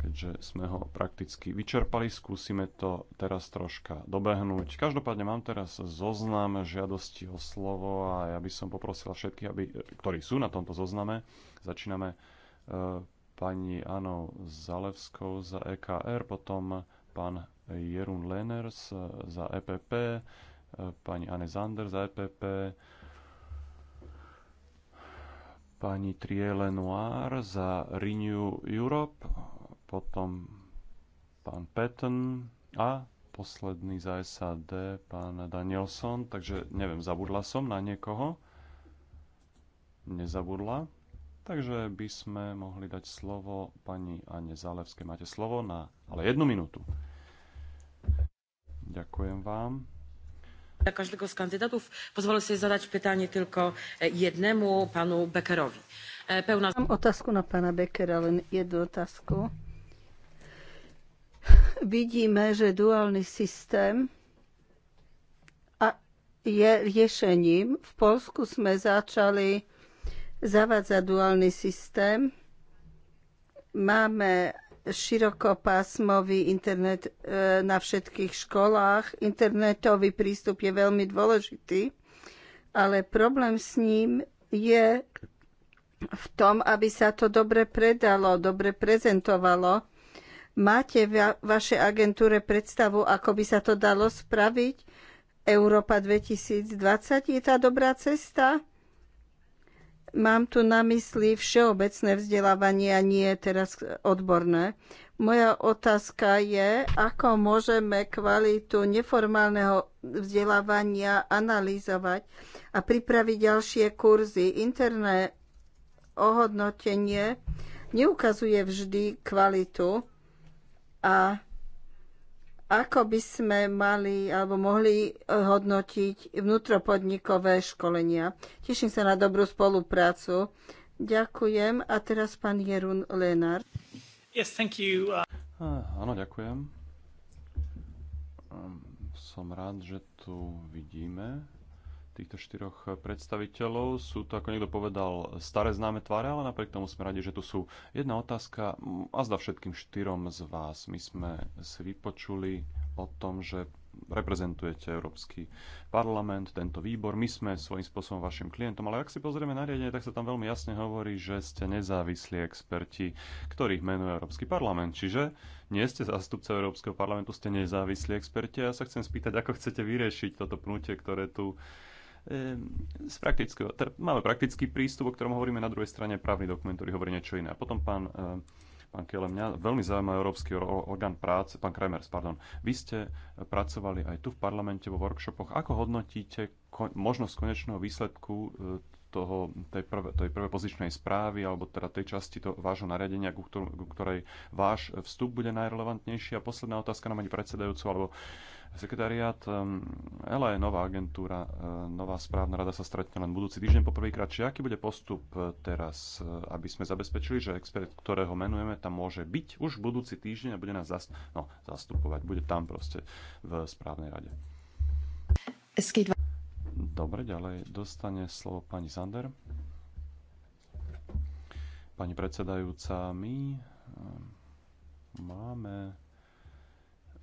keďže sme ho prakticky vyčerpali, skúsime to teraz troška dobehnúť. Každopádne mám teraz zoznam žiadosti o slovo a ja by som poprosil všetkých, aby, ktorí sú na tomto zozname. Začíname e, pani Anou Zalevskou za EKR, potom pán Jerun Leners za EPP, e, pani Anne Zander za EPP, pani Triele Noir za Renew Europe, potom pán Patton a posledný za SAD pán Danielson, takže neviem, zabudla som na niekoho? Nezabudla. Takže by sme mohli dať slovo pani Ane Zálevskej. Máte slovo na ale jednu minútu. Ďakujem vám. Dla każdego z kandydatów pozwolę sobie zadać pytanie tylko e, jednemu, panu Beckerowi. E, Pełna... Mam otázku na pana Beckera, len jednu otázku vidíme, že duálny systém je riešením. V Polsku sme začali zavádzať duálny systém. Máme širokopásmový internet e, na všetkých školách. Internetový prístup je veľmi dôležitý, ale problém s ním je v tom, aby sa to dobre predalo, dobre prezentovalo Máte v vašej agentúre predstavu, ako by sa to dalo spraviť? Európa 2020 je tá dobrá cesta? Mám tu na mysli všeobecné vzdelávanie a nie teraz odborné. Moja otázka je, ako môžeme kvalitu neformálneho vzdelávania analyzovať a pripraviť ďalšie kurzy. Interné ohodnotenie neukazuje vždy kvalitu a ako by sme mali alebo mohli hodnotiť vnútropodnikové školenia. Teším sa na dobrú spoluprácu. Ďakujem. A teraz pán Jerun Lenár. Yes, thank you. Uh, eh, áno, ďakujem. Ehm, som rád, že tu vidíme týchto štyroch eh, predstaviteľov. Sú to, ako niekto povedal, staré známe tváre, ale napriek tomu sme radi, že tu sú. Jedna otázka, mm, a zda všetkým štyrom z vás. My sme si vypočuli o tom, že reprezentujete Európsky parlament, tento výbor. My sme svojím spôsobom vašim klientom, ale ak si pozrieme nariadenie, tak sa tam veľmi jasne hovorí, že ste nezávislí experti, ktorých menuje Európsky parlament. Čiže nie ste zástupca Európskeho parlamentu, ste nezávislí experti. Ja sa chcem spýtať, ako chcete vyriešiť toto pnutie, ktoré tu Ehm, z praktického, teda máme praktický prístup, o ktorom hovoríme, na druhej strane právny dokument, ktorý hovorí niečo iné. A potom pán, ehm, pán Kele, mňa veľmi zaujíma Európsky orgán práce, pán Kremers, pardon. Vy ste pracovali aj tu v parlamente vo workshopoch. Ako hodnotíte možnosť konečného výsledku e, toho, tej, prv, tej prvej pozičnej správy alebo teda tej časti to, vášho nariadenia, ku, ktor- ku ktorej váš vstup bude najrelevantnejší. A posledná otázka na mani predsedajúcu, alebo sekretariát. Ehm, LA, je nová agentúra, ehm, nová správna rada sa stretne len budúci týždeň poprvýkrát. Či aký bude postup e, teraz, e, aby sme zabezpečili, že expert, ktorého menujeme, tam môže byť už budúci týždeň a bude nás zas, no, zastupovať, bude tam proste v správnej rade. Dobre, ďalej dostane slovo pani Sander. Pani predsedajúca, my ehm, máme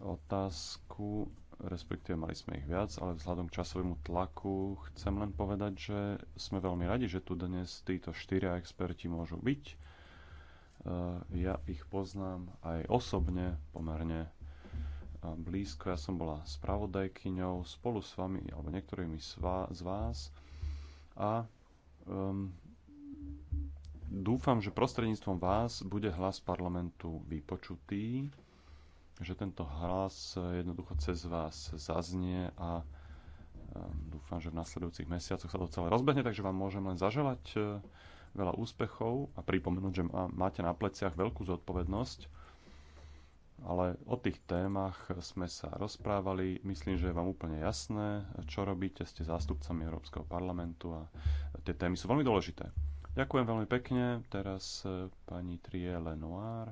otázku, respektíve mali sme ich viac, ale vzhľadom k časovému tlaku chcem len povedať, že sme veľmi radi, že tu dnes títo štyria experti môžu byť. E, ja ich poznám aj osobne pomerne e, blízko. Ja som bola spravodajkyňou spolu s vami, alebo niektorými z vás. A um, dúfam, že prostredníctvom vás bude hlas parlamentu vypočutý že tento hlas jednoducho cez vás zaznie a e, dúfam, že v nasledujúcich mesiacoch sa to celé rozbehne, takže vám môžem len zaželať e, veľa úspechov a pripomenúť, že máte na pleciach veľkú zodpovednosť, ale o tých témach sme sa rozprávali. Myslím, že je vám úplne jasné, čo robíte. Ste zástupcami Európskeho parlamentu a tie témy sú veľmi dôležité. Ďakujem veľmi pekne. Teraz e, pani Triele Noir.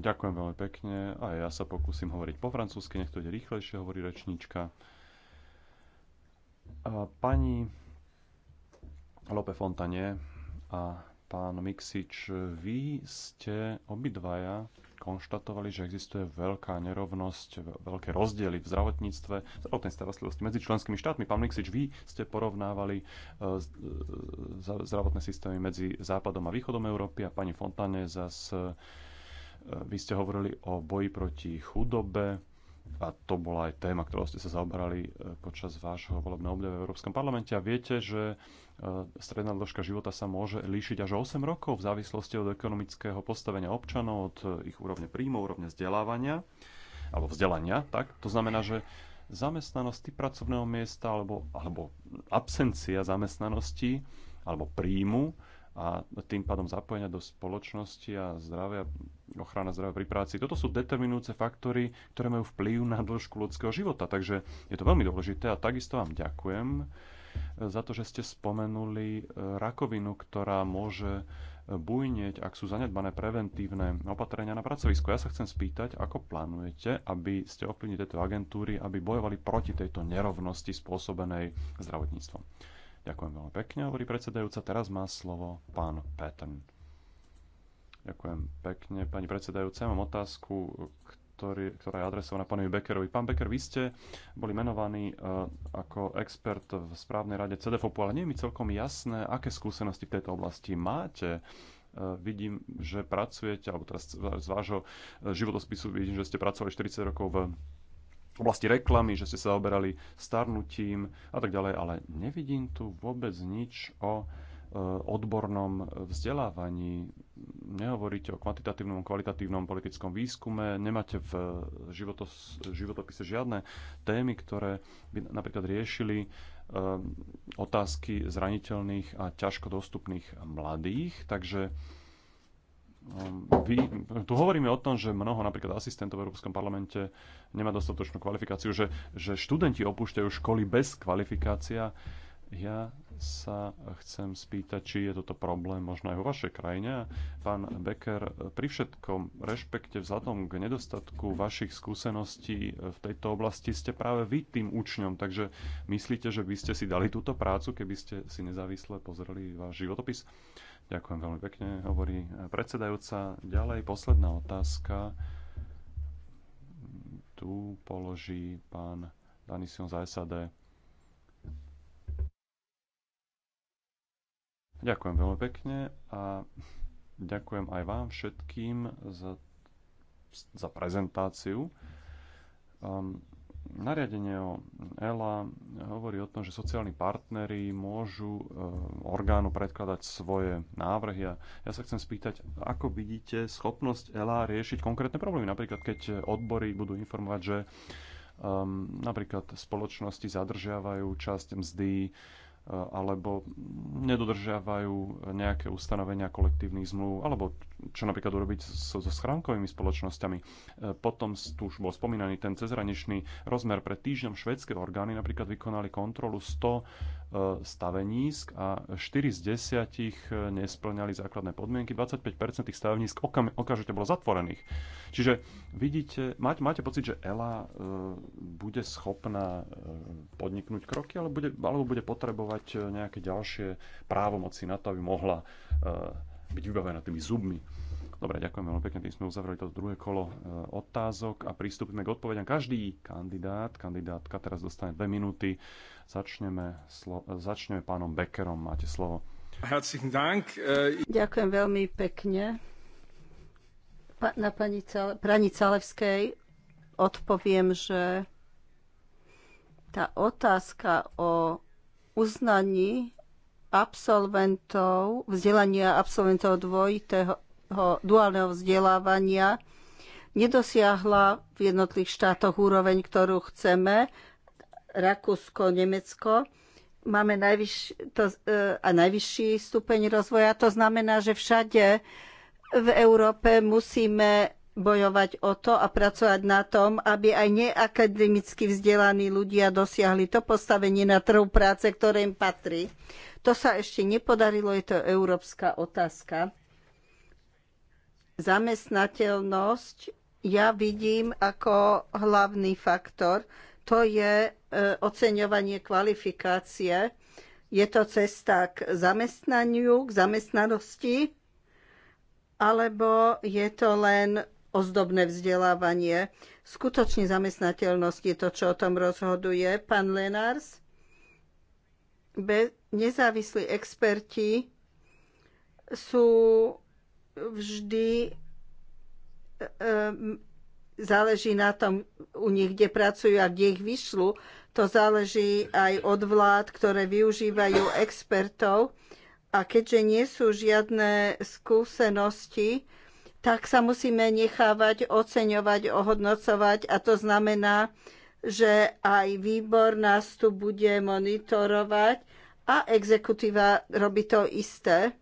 Ďakujem veľmi pekne a ja sa pokúsim hovoriť po francúzsky, nech to ide rýchlejšie, hovorí rečníčka. pani Lope Fontanie a pán Mixič, vy ste obidvaja konštatovali, že existuje veľká nerovnosť, veľké rozdiely v zdravotníctve, v zdravotnej starostlivosti medzi členskými štátmi. Pán Miksič, vy ste porovnávali e, e, zdravotné systémy medzi západom a východom Európy a pani Fontane zase vy ste hovorili o boji proti chudobe a to bola aj téma, ktorou ste sa zaoberali e, počas vášho volebného obdobia v Európskom parlamente. A viete, že e, stredná dĺžka života sa môže líšiť až 8 rokov v závislosti od ekonomického postavenia občanov, od e, ich úrovne príjmu, úrovne vzdelávania alebo vzdelania. Tak? To znamená, že zamestnanosť pracovného miesta alebo, alebo absencia zamestnanosti alebo príjmu a tým pádom zapojenia do spoločnosti a zdravia, ochrana zdravia pri práci. Toto sú determinujúce faktory, ktoré majú vplyv na dĺžku ľudského života, takže je to veľmi dôležité a takisto vám ďakujem e, za to, že ste spomenuli e, rakovinu, ktorá môže e, bujneť, ak sú zanedbané preventívne opatrenia na pracovisku. Ja sa chcem spýtať, ako plánujete, aby ste ovplyvnili tieto agentúry, aby bojovali proti tejto nerovnosti spôsobenej zdravotníctvom. Ďakujem veľmi pekne, hovorí predsedajúca. Teraz má slovo pán Petern. Ďakujem pekne, pani predsedajúca. Mám otázku, ktorý, ktorá je adresovaná pánovi Beckerovi. Pán Becker, vy ste boli menovaní uh, ako expert v správnej rade CDFOPu, ale nie je mi celkom jasné, aké skúsenosti v tejto oblasti máte. Uh, vidím, že pracujete, alebo teraz z vášho e, životospisu vidím, že ste pracovali 40 rokov v v oblasti reklamy, že ste sa oberali starnutím a tak ďalej, ale nevidím tu vôbec nič o e, odbornom vzdelávaní. Nehovoríte o kvantitatívnom, kvalitatívnom politickom výskume, nemáte v e, životos, životopise žiadne témy, ktoré by napríklad riešili e, otázky zraniteľných a ťažko dostupných mladých, takže Um, vy, tu hovoríme o tom, že mnoho napríklad asistentov v Európskom parlamente nemá dostatočnú kvalifikáciu, že, že študenti opúšťajú školy bez kvalifikácia, ja sa chcem spýtať, či je toto problém možno aj vo vašej krajine. Pán Becker, pri všetkom rešpekte vzhľadom k nedostatku vašich skúseností v tejto oblasti ste práve vy tým učňom, takže myslíte, že by ste si dali túto prácu, keby ste si nezávisle pozreli váš životopis? Ďakujem veľmi pekne, hovorí predsedajúca. Ďalej posledná otázka. Tu položí pán Danision za SAD. Ďakujem veľmi pekne a ďakujem aj vám všetkým za, za prezentáciu. Um, nariadenie o ELA hovorí o tom, že sociálni partnery môžu um, orgánu predkladať svoje návrhy. A ja sa chcem spýtať, ako vidíte schopnosť ELA riešiť konkrétne problémy? Napríklad, keď odbory budú informovať, že um, napríklad spoločnosti zadržiavajú časť mzdy, alebo nedodržiavajú nejaké ustanovenia kolektívnych zmluv, alebo čo napríklad urobiť so, so schránkovými spoločnosťami. E, potom tu už bol spomínaný ten cezhraničný rozmer. Pred týždňom švedské orgány napríklad vykonali kontrolu 100 stavenísk a 4 z 10 nesplňali základné podmienky, 25% tých stavenísk okam, okamžite bolo zatvorených. Čiže vidíte, máte, máte pocit, že ELA e, bude schopná e, podniknúť kroky, alebo bude, alebo bude potrebovať e, nejaké ďalšie právomoci na to, aby mohla byť vybavená tými zubmi Dobre, ďakujem veľmi pekne, tým sme uzavreli to druhé kolo e, otázok a pristúpime k odpovediam. Každý kandidát, kandidátka teraz dostane dve minúty. Začneme, slo- začneme pánom Beckerom, máte slovo. E, ďakujem veľmi pekne. Pa, na pani Cale, pani Calevskej odpoviem, že tá otázka o uznaní absolventov, vzdelania absolventov dvojitého duálneho vzdelávania nedosiahla v jednotlivých štátoch úroveň, ktorú chceme. Rakúsko, Nemecko. Máme najvyšší, to, e, a najvyšší stupeň rozvoja. To znamená, že všade v Európe musíme bojovať o to a pracovať na tom, aby aj neakademicky vzdelaní ľudia dosiahli to postavenie na trhu práce, ktoré im patrí. To sa ešte nepodarilo, je to európska otázka. Zamestnateľnosť ja vidím ako hlavný faktor. To je e, oceňovanie kvalifikácie. Je to cesta k zamestnaniu, k zamestnanosti, alebo je to len ozdobné vzdelávanie. Skutočne zamestnateľnosť je to, čo o tom rozhoduje. Pán Lenars, nezávislí experti sú vždy ehm, záleží na tom, u nich, kde pracujú a kde ich vyšlu. To záleží aj od vlád, ktoré využívajú expertov. A keďže nie sú žiadne skúsenosti, tak sa musíme nechávať oceňovať, ohodnocovať a to znamená, že aj výbor nás tu bude monitorovať a exekutíva robí to isté.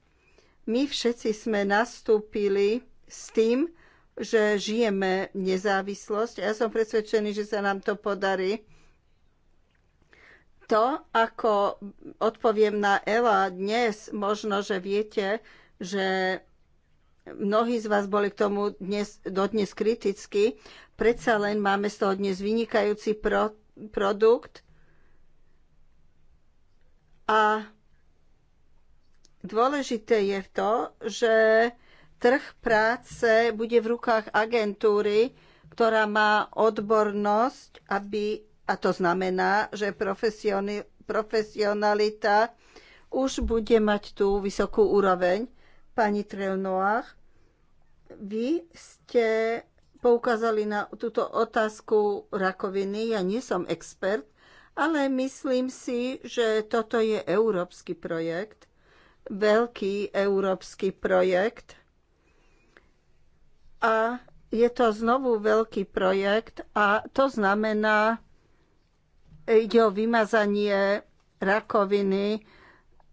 My všetci sme nastúpili s tým, že žijeme nezávislosť. Ja som presvedčený, že sa nám to podarí. To, ako odpoviem na Ela dnes, možno, že viete, že mnohí z vás boli k tomu dnes, dodnes kriticky. Predsa len máme z toho dnes vynikajúci pro, produkt. A Dôležité je to, že trh práce bude v rukách agentúry, ktorá má odbornosť, aby, a to znamená, že profesionalita už bude mať tú vysokú úroveň. Pani Trelnoach, vy ste poukázali na túto otázku rakoviny. Ja nie som expert, ale myslím si, že toto je európsky projekt veľký európsky projekt a je to znovu veľký projekt a to znamená, ide o vymazanie rakoviny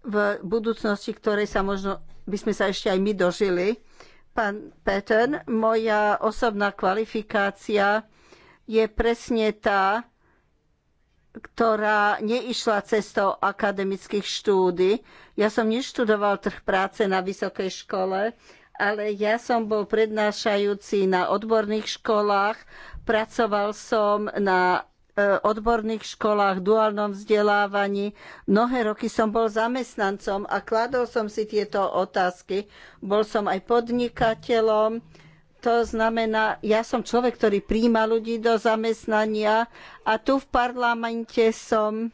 v budúcnosti, ktorej sa možno by sme sa ešte aj my dožili. Pán Petern, moja osobná kvalifikácia je presne tá, ktorá neišla cestou akademických štúdy. Ja som neštudoval trh práce na vysokej škole, ale ja som bol prednášajúci na odborných školách, pracoval som na e, odborných školách, duálnom vzdelávaní. Mnohé roky som bol zamestnancom a kladol som si tieto otázky. Bol som aj podnikateľom, to znamená, ja som človek, ktorý príjma ľudí do zamestnania a tu v parlamente som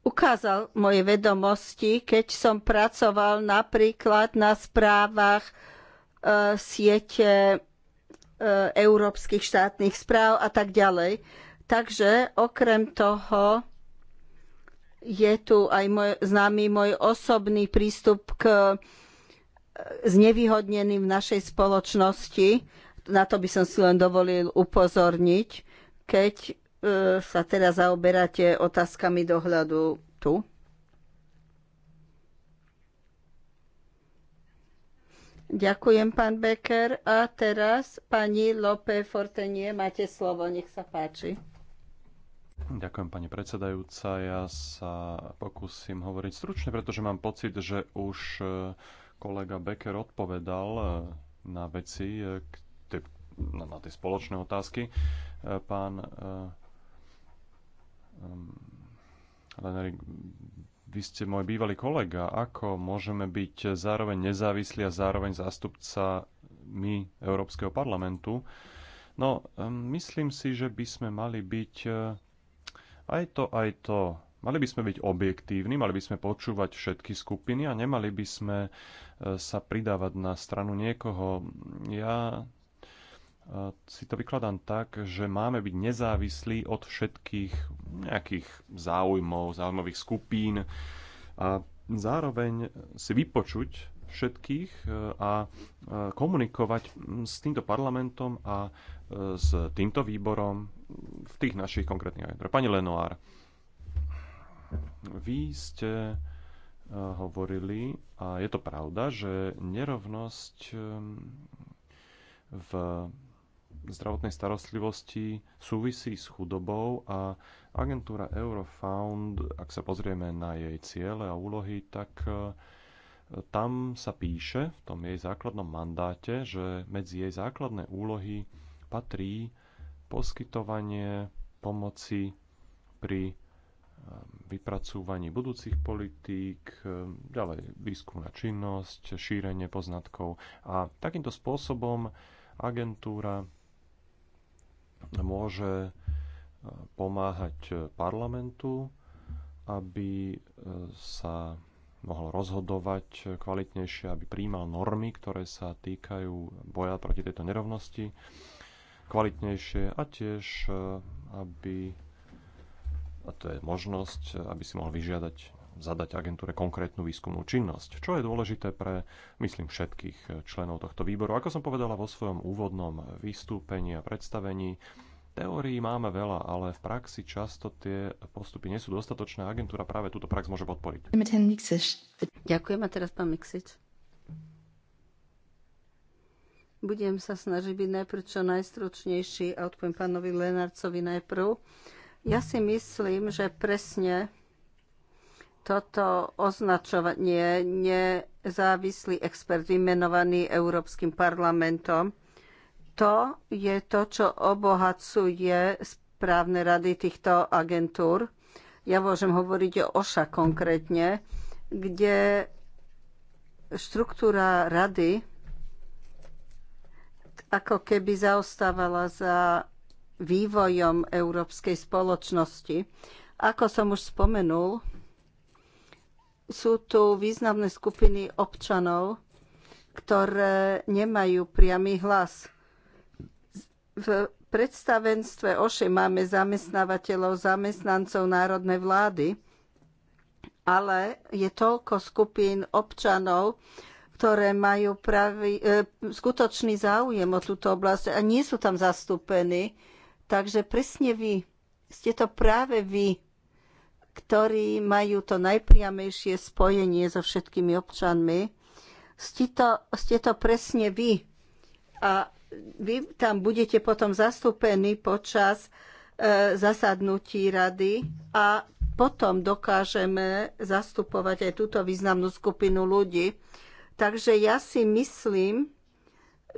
ukázal moje vedomosti, keď som pracoval napríklad na správach e, siete e, európskych štátnych správ a tak ďalej. Takže okrem toho je tu aj môj, známy môj osobný prístup k znevýhodnení v našej spoločnosti. Na to by som si len dovolil upozorniť, keď e, sa teda zaoberáte otázkami dohľadu tu. Ďakujem, pán Becker. A teraz pani Lope Fortenie, máte slovo, nech sa páči. Ďakujem, pani predsedajúca. Ja sa pokúsim hovoriť stručne, pretože mám pocit, že už e, kolega Becker odpovedal e, na veci, e, na tie spoločné otázky. E, pán Lenerik, vy ste môj bývalý kolega. Ako môžeme byť zároveň nezávislí a zároveň zástupca my Európskeho parlamentu? No, myslím si, že by sme mali byť aj to, aj to Mali by sme byť objektívni, mali by sme počúvať všetky skupiny a nemali by sme e, sa pridávať na stranu niekoho. Ja e, si to vykladám tak, že máme byť nezávislí od všetkých nejakých záujmov, záujmových skupín a zároveň si vypočuť všetkých e, a komunikovať s týmto parlamentom a s týmto výborom v tých našich konkrétnych agendách. Pani Lenoir, vy ste e, hovorili, a je to pravda, že nerovnosť e, v zdravotnej starostlivosti súvisí s chudobou a agentúra Eurofound, ak sa pozrieme na jej ciele a úlohy, tak e, tam sa píše v tom jej základnom mandáte, že medzi jej základné úlohy patrí poskytovanie pomoci pri vypracúvaní budúcich politík, ďalej výskumná činnosť, šírenie poznatkov. A takýmto spôsobom agentúra môže e, pomáhať parlamentu, aby e, sa mohol rozhodovať kvalitnejšie, aby príjmal normy, ktoré sa týkajú boja proti tejto nerovnosti kvalitnejšie a tiež, e, aby a to je možnosť, eh, aby si mohol vyžiadať zadať agentúre konkrétnu výskumnú činnosť, čo je dôležité pre, myslím, všetkých eh, členov tohto výboru. Ako som povedala vo svojom úvodnom vystúpení a predstavení, teórií máme veľa, ale v praxi často tie postupy nie sú dostatočné agentúra práve túto prax môže podporiť. Ďakujem a teraz pán Miksič. Budem sa snažiť byť najprv čo najstručnejší a odpoviem pánovi Lenarcovi najprv. Ja si myslím, že presne toto označovanie nezávislý expert vymenovaný Európskym parlamentom, to je to, čo obohacuje správne rady týchto agentúr. Ja môžem hovoriť o OŠA konkrétne, kde štruktúra rady ako keby zaostávala za vývojom európskej spoločnosti. Ako som už spomenul, sú tu významné skupiny občanov, ktoré nemajú priamy hlas. V predstavenstve OŠE máme zamestnávateľov, zamestnancov národnej vlády, ale je toľko skupín občanov, ktoré majú pravý, e, skutočný záujem o túto oblasť a nie sú tam zastúpení. Takže presne vy, ste to práve vy, ktorí majú to najpriamejšie spojenie so všetkými občanmi. Ste to, ste to presne vy. A vy tam budete potom zastúpení počas e, zasadnutí rady a potom dokážeme zastupovať aj túto významnú skupinu ľudí. Takže ja si myslím,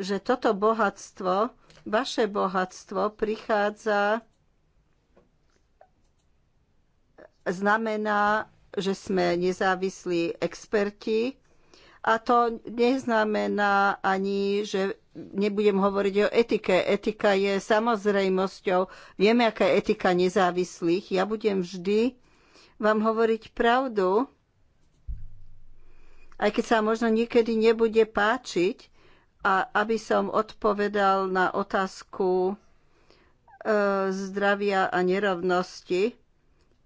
že toto bohatstvo, vaše bohatstvo prichádza, znamená, že sme nezávislí experti a to neznamená ani, že nebudem hovoriť o etike. Etika je samozrejmosťou. Vieme, aká je etika nezávislých. Ja budem vždy vám hovoriť pravdu, aj keď sa možno niekedy nebude páčiť, a aby som odpovedal na otázku e, zdravia a nerovnosti,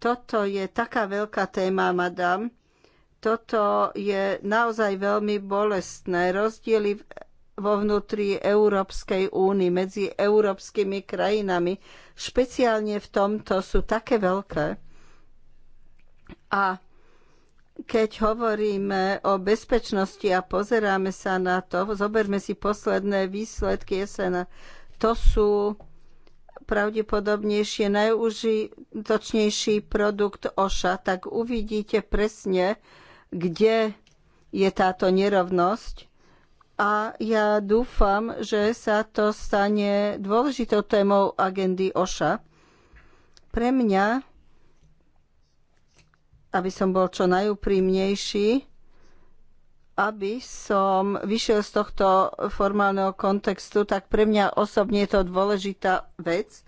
toto je taká veľká téma, madam. Toto je naozaj veľmi bolestné. Rozdiely vo vnútri Európskej únie medzi európskymi krajinami, špeciálne v tomto, sú také veľké. A keď hovoríme o bezpečnosti a pozeráme sa na to, zoberme si posledné výsledky SN. To sú pravdepodobnejšie najúžitočnejší produkt OŠA, tak uvidíte presne, kde je táto nerovnosť. A ja dúfam, že sa to stane dôležitou témou agendy OŠA. Pre mňa aby som bol čo najúprimnejší, aby som vyšiel z tohto formálneho kontextu, tak pre mňa osobne je to dôležitá vec.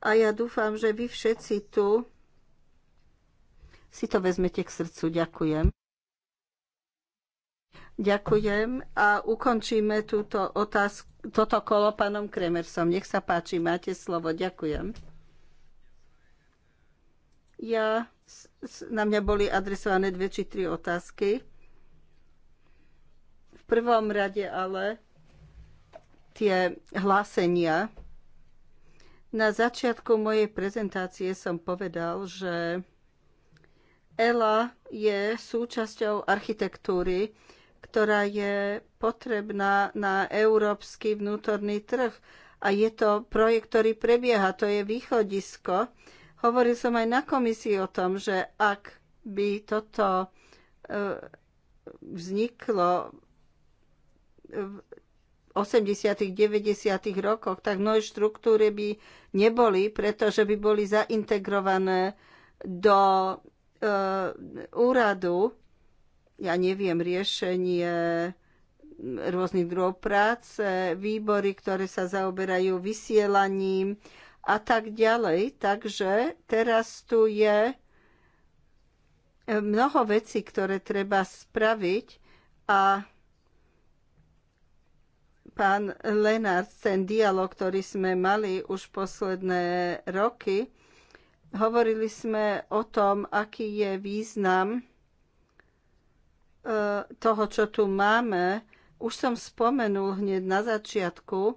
A ja dúfam, že vy všetci tu si to vezmete k srdcu. Ďakujem. Ďakujem a ukončíme túto otázku, toto kolo pánom Kremersom. Nech sa páči, máte slovo. Ďakujem. Ja na mňa boli adresované dve či tri otázky. V prvom rade ale tie hlásenia. Na začiatku mojej prezentácie som povedal, že ELA je súčasťou architektúry, ktorá je potrebná na európsky vnútorný trh. A je to projekt, ktorý prebieha, to je východisko. Hovoril som aj na komisii o tom, že ak by toto e, vzniklo v 80. 90. rokoch, tak mnohé štruktúry by neboli, pretože by boli zaintegrované do e, úradu, ja neviem, riešenie rôznych druhov práce, výbory, ktoré sa zaoberajú vysielaním a tak ďalej. Takže teraz tu je eh, mnoho vecí, ktoré treba spraviť a pán Lenard, ten dialog, ktorý sme mali už posledné roky, hovorili sme o tom, aký je význam eh, toho, čo tu máme. Už som spomenul hneď na začiatku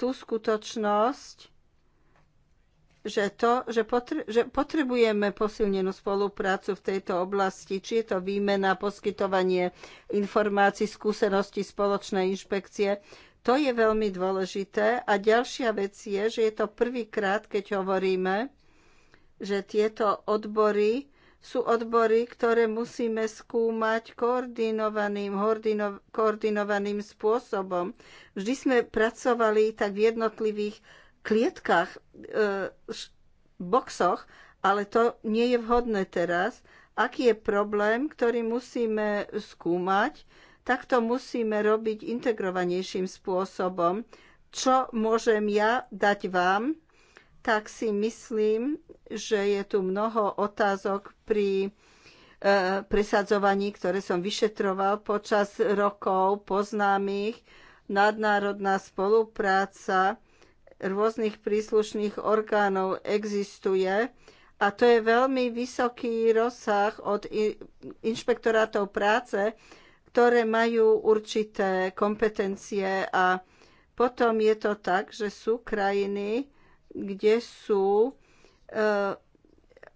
tú skutočnosť, že to, že, potre, že potrebujeme posilnenú spoluprácu v tejto oblasti, či je to výmena, poskytovanie informácií, skúseností spoločnej inšpekcie, to je veľmi dôležité. A ďalšia vec je, že je to prvýkrát, keď hovoríme, že tieto odbory sú odbory, ktoré musíme skúmať koordinovaným, koordinovaným spôsobom. Vždy sme pracovali tak v jednotlivých klietkach, e, boxoch, ale to nie je vhodné teraz. Aký je problém, ktorý musíme skúmať, tak to musíme robiť integrovanejším spôsobom. Čo môžem ja dať vám, tak si myslím, že je tu mnoho otázok pri e, presadzovaní, ktoré som vyšetroval počas rokov, poznám ich, nadnárodná spolupráca, rôznych príslušných orgánov existuje a to je veľmi vysoký rozsah od inšpektorátov práce, ktoré majú určité kompetencie a potom je to tak, že sú krajiny, kde sú e,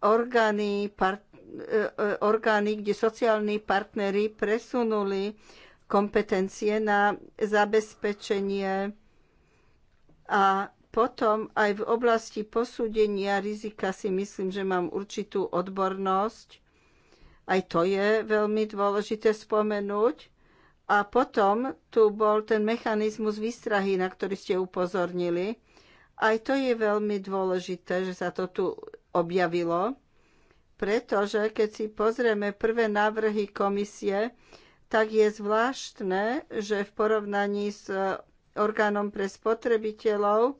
orgány, part, e, e orgány, kde sociálni partnery presunuli kompetencie na zabezpečenie a potom aj v oblasti posúdenia rizika si myslím, že mám určitú odbornosť. Aj to je veľmi dôležité spomenúť. A potom tu bol ten mechanizmus výstrahy, na ktorý ste upozornili. Aj to je veľmi dôležité, že sa to tu objavilo, pretože keď si pozrieme prvé návrhy komisie, tak je zvláštne, že v porovnaní s orgánom pre spotrebiteľov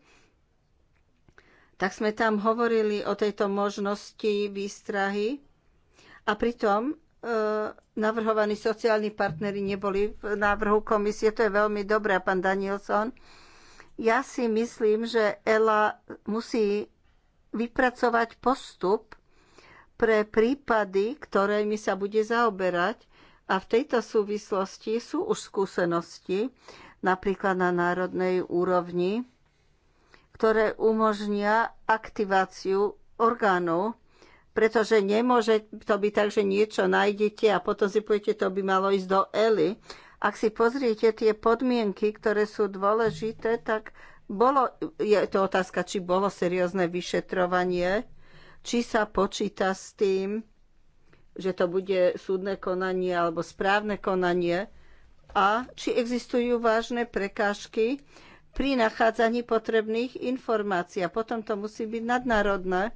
tak sme tam hovorili o tejto možnosti výstrahy a pritom e, navrhovaní sociálni partnery neboli v návrhu komisie. To je veľmi dobré, pán Danielson. Ja si myslím, že ELA musí vypracovať postup pre prípady, ktorými sa bude zaoberať. A v tejto súvislosti sú už skúsenosti, napríklad na národnej úrovni, ktoré umožnia aktiváciu orgánov, pretože nemôže to byť tak, že niečo nájdete a potom si poviete, to by malo ísť do ELI. Ak si pozriete tie podmienky, ktoré sú dôležité, tak bolo, je to otázka, či bolo seriózne vyšetrovanie, či sa počíta s tým, že to bude súdne konanie alebo správne konanie a či existujú vážne prekážky, pri nachádzaní potrebných informácií. A potom to musí byť nadnárodné.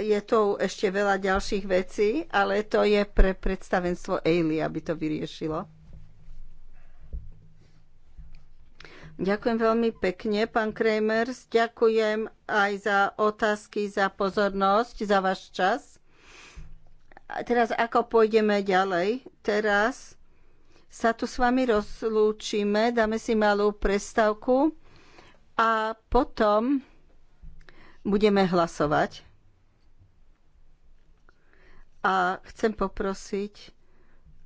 Je tu ešte veľa ďalších vecí, ale to je pre predstavenstvo EILI, aby to vyriešilo. Ďakujem veľmi pekne, pán Kremers. Ďakujem aj za otázky, za pozornosť, za váš čas. A teraz ako pôjdeme ďalej? Teraz sa tu s vami rozlúčime, dáme si malú prestávku a potom budeme hlasovať. A chcem poprosiť,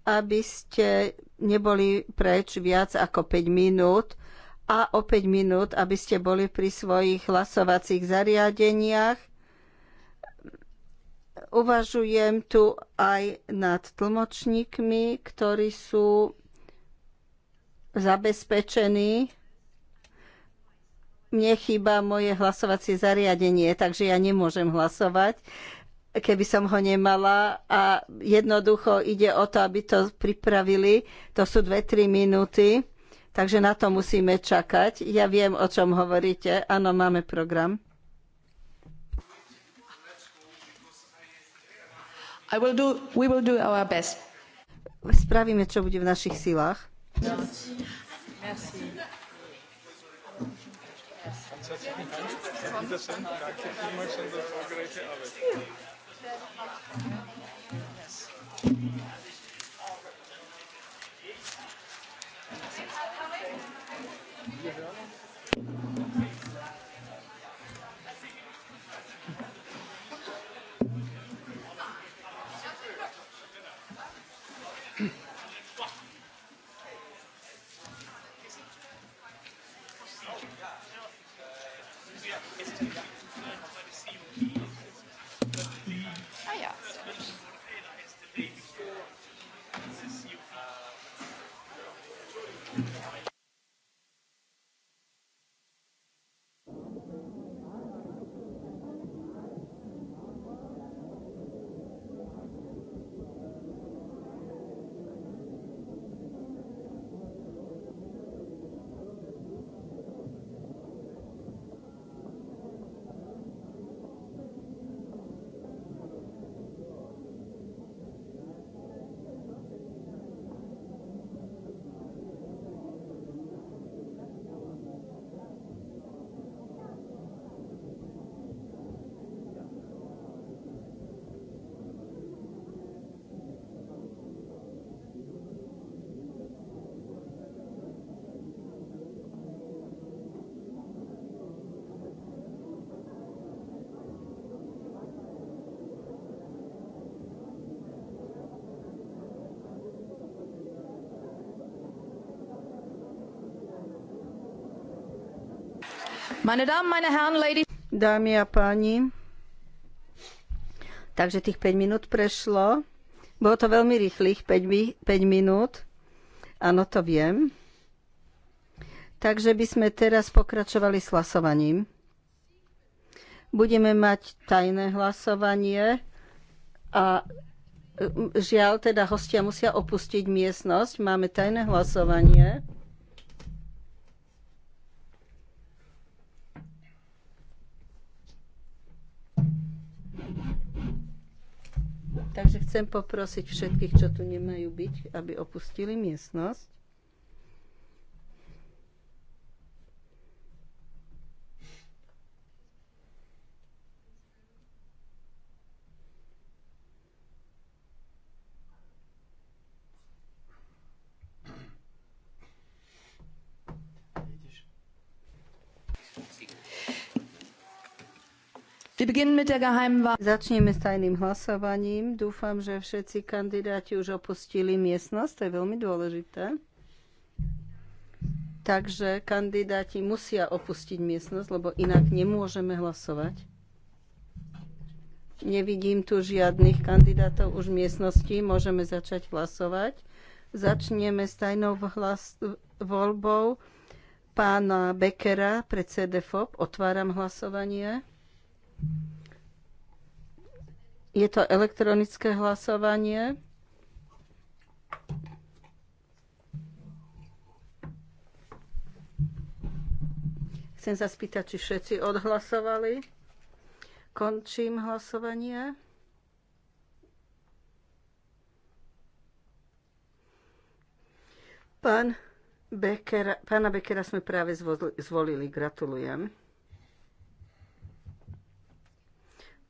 aby ste neboli preč viac ako 5 minút a o 5 minút, aby ste boli pri svojich hlasovacích zariadeniach Uvažujem tu aj nad tlmočníkmi, ktorí sú zabezpečení. Mne chýba moje hlasovacie zariadenie, takže ja nemôžem hlasovať, keby som ho nemala. A jednoducho ide o to, aby to pripravili. To sú 2-3 minúty, takže na to musíme čakať. Ja viem, o čom hovoríte. Áno, máme program. we will do our best. Spravíme, čo bude v našich silách. Merci. Merci. Merci. Meine Damen, meine Herren, ladies... Dámy a páni, takže tých 5 minút prešlo. Bolo to veľmi rýchlych 5, 5 minút. Áno, to viem. Takže by sme teraz pokračovali s hlasovaním. Budeme mať tajné hlasovanie a e, žiaľ teda hostia musia opustiť miestnosť. Máme tajné hlasovanie. Takže chcem poprosiť všetkých, čo tu nemajú byť, aby opustili miestnosť. Začneme s tajným hlasovaním. Dúfam, že všetci kandidáti už opustili miestnosť, to je veľmi dôležité. Takže kandidáti musia opustiť miestnosť, lebo inak nemôžeme hlasovať. Nevidím tu žiadnych kandidátov už v miestnosti. Môžeme začať hlasovať. Začneme s tajnou hlas- voľbou pána Bekera pre CDFOP. Otváram hlasovanie. Je to elektronické hlasovanie. Chcem sa spýtať, či všetci odhlasovali. Končím hlasovanie. Pán Bekera, pána Bekera sme práve zvolili. Gratulujem.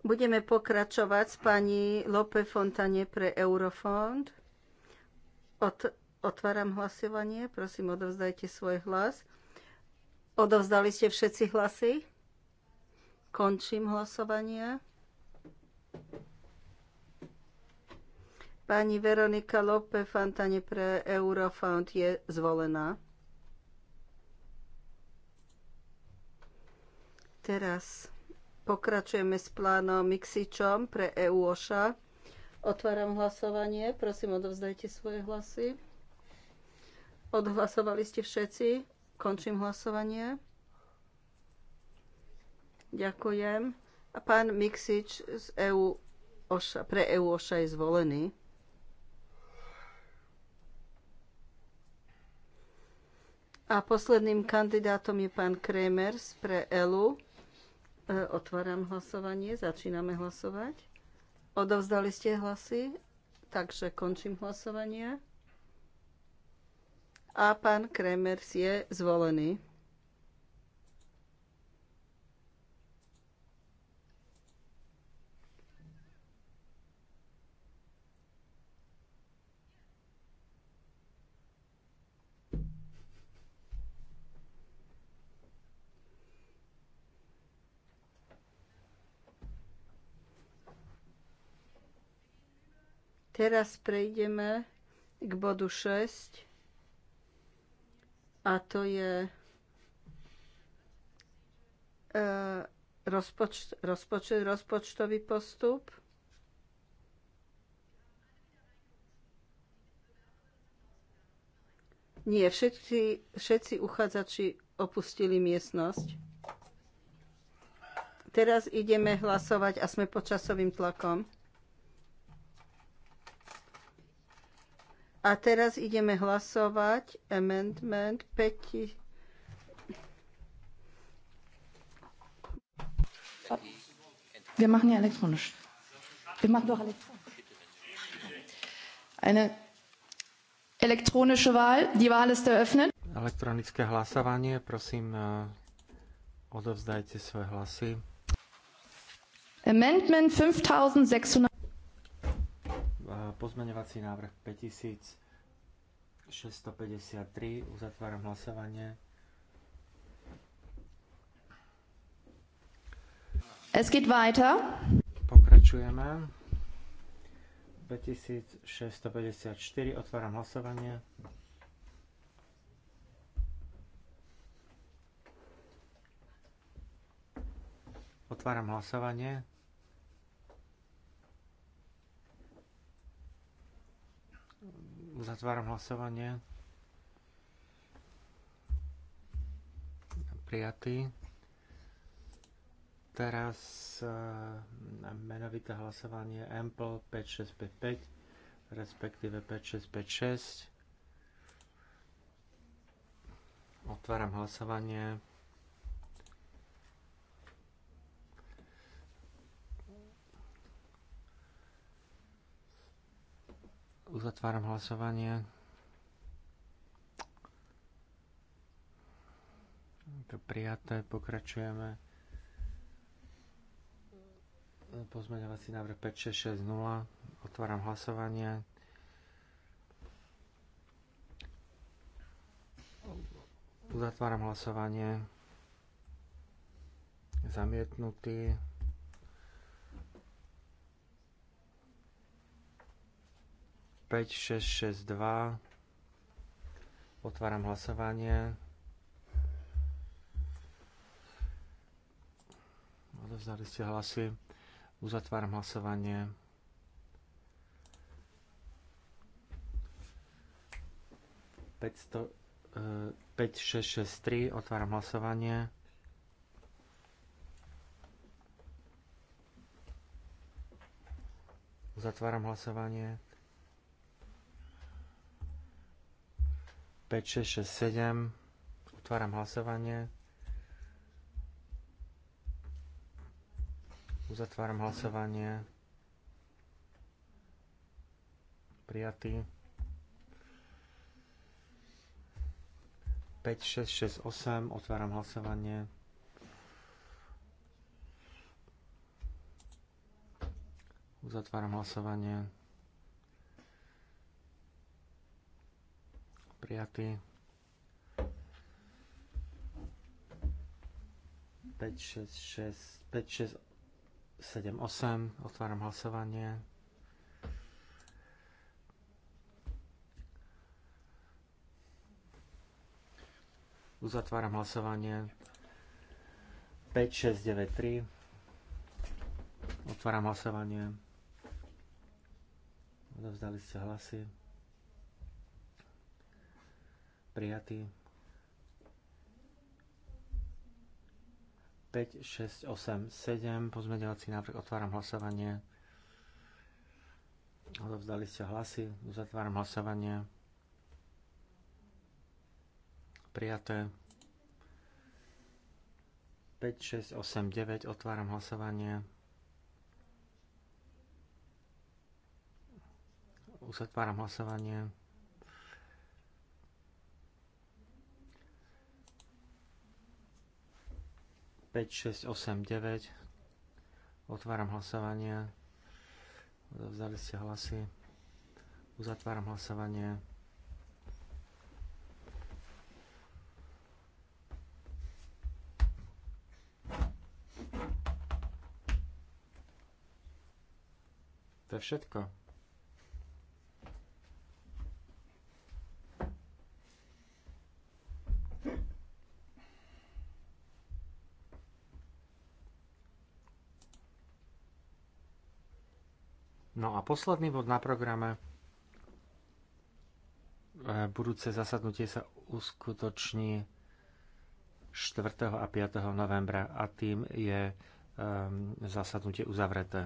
Budeme pokračovať s pani Lope Fontane pre Eurofond. Ot- otváram hlasovanie. Prosím, odovzdajte svoj hlas. Odovzdali ste všetci hlasy? Končím hlasovanie. Pani Veronika Lope Fontane pre Eurofond je zvolená. Teraz Pokračujeme s plánom Mixičom pre EU OŠA. Otváram hlasovanie. Prosím, odovzdajte svoje hlasy. Odhlasovali ste všetci. Končím hlasovanie. Ďakujem. A pán Mixič z EU OŠA, pre EU OŠA je zvolený. A posledným kandidátom je pán Kremers pre ELU. E, otváram hlasovanie, začíname hlasovať. Odovzdali ste hlasy, takže končím hlasovanie. A pán Kremers je zvolený. Teraz prejdeme k bodu 6 a to je e, rozpočt, rozpočet, rozpočtový postup. Nie, všetci, všetci uchádzači opustili miestnosť. Teraz ideme hlasovať a sme pod časovým tlakom. A teraz ideme hlasovať amendment 5. Wir machen ja elektronisch. Wir machen doch elektronisch. Eine elektronische Wahl. Die Wahl ist eröffnet. Elektronické hlasovanie. Prosím, eh, odovzdajte svoje hlasy. Amendment 5600. Pozmeňovací návrh 5653. Uzatváram hlasovanie. Es geht weiter. Pokračujeme. 5654. Otváram hlasovanie. Otváram hlasovanie. Uzatváram hlasovanie. Prijatý. Teraz e, menovité hlasovanie Ample 5655, respektíve 5656. Otváram hlasovanie. Uzatváram hlasovanie. To prijaté, pokračujeme. Pozmeňovací návrh 5660. Otváram hlasovanie. Uzatváram hlasovanie. Zamietnutý. 2. Otváram hlasovanie. Odovzdali ste hlasy. Uzatváram hlasovanie. Päťsto... 5663, e, otváram hlasovanie. Uzatváram hlasovanie. 5, 6, 6, 7. Otváram hlasovanie. Uzatváram hlasovanie. Prijatý. 5, 6, 6, 8. Otváram hlasovanie. Uzatváram hlasovanie. prijatý. 5, 6, 6, 5, 6, 7, 8. Otváram hlasovanie. Uzatváram hlasovanie. 5, 6, 9, 3. Otváram hlasovanie. Odovzdali ste hlasy prijatý. 5, 6, 8, 7, pozmeňovací návrh, otváram hlasovanie. Odovzdali ste hlasy, uzatváram hlasovanie. Prijaté. 5, 6, 8, 9, otváram hlasovanie. Uzatváram hlasovanie. 5, 6, 8, 9. Otváram hlasovanie. Odovzdali ste hlasy. Uzatváram hlasovanie. To je všetko. No a posledný bod na programe. E, budúce zasadnutie sa uskutoční 4. a 5. novembra a tým je um, zasadnutie uzavreté.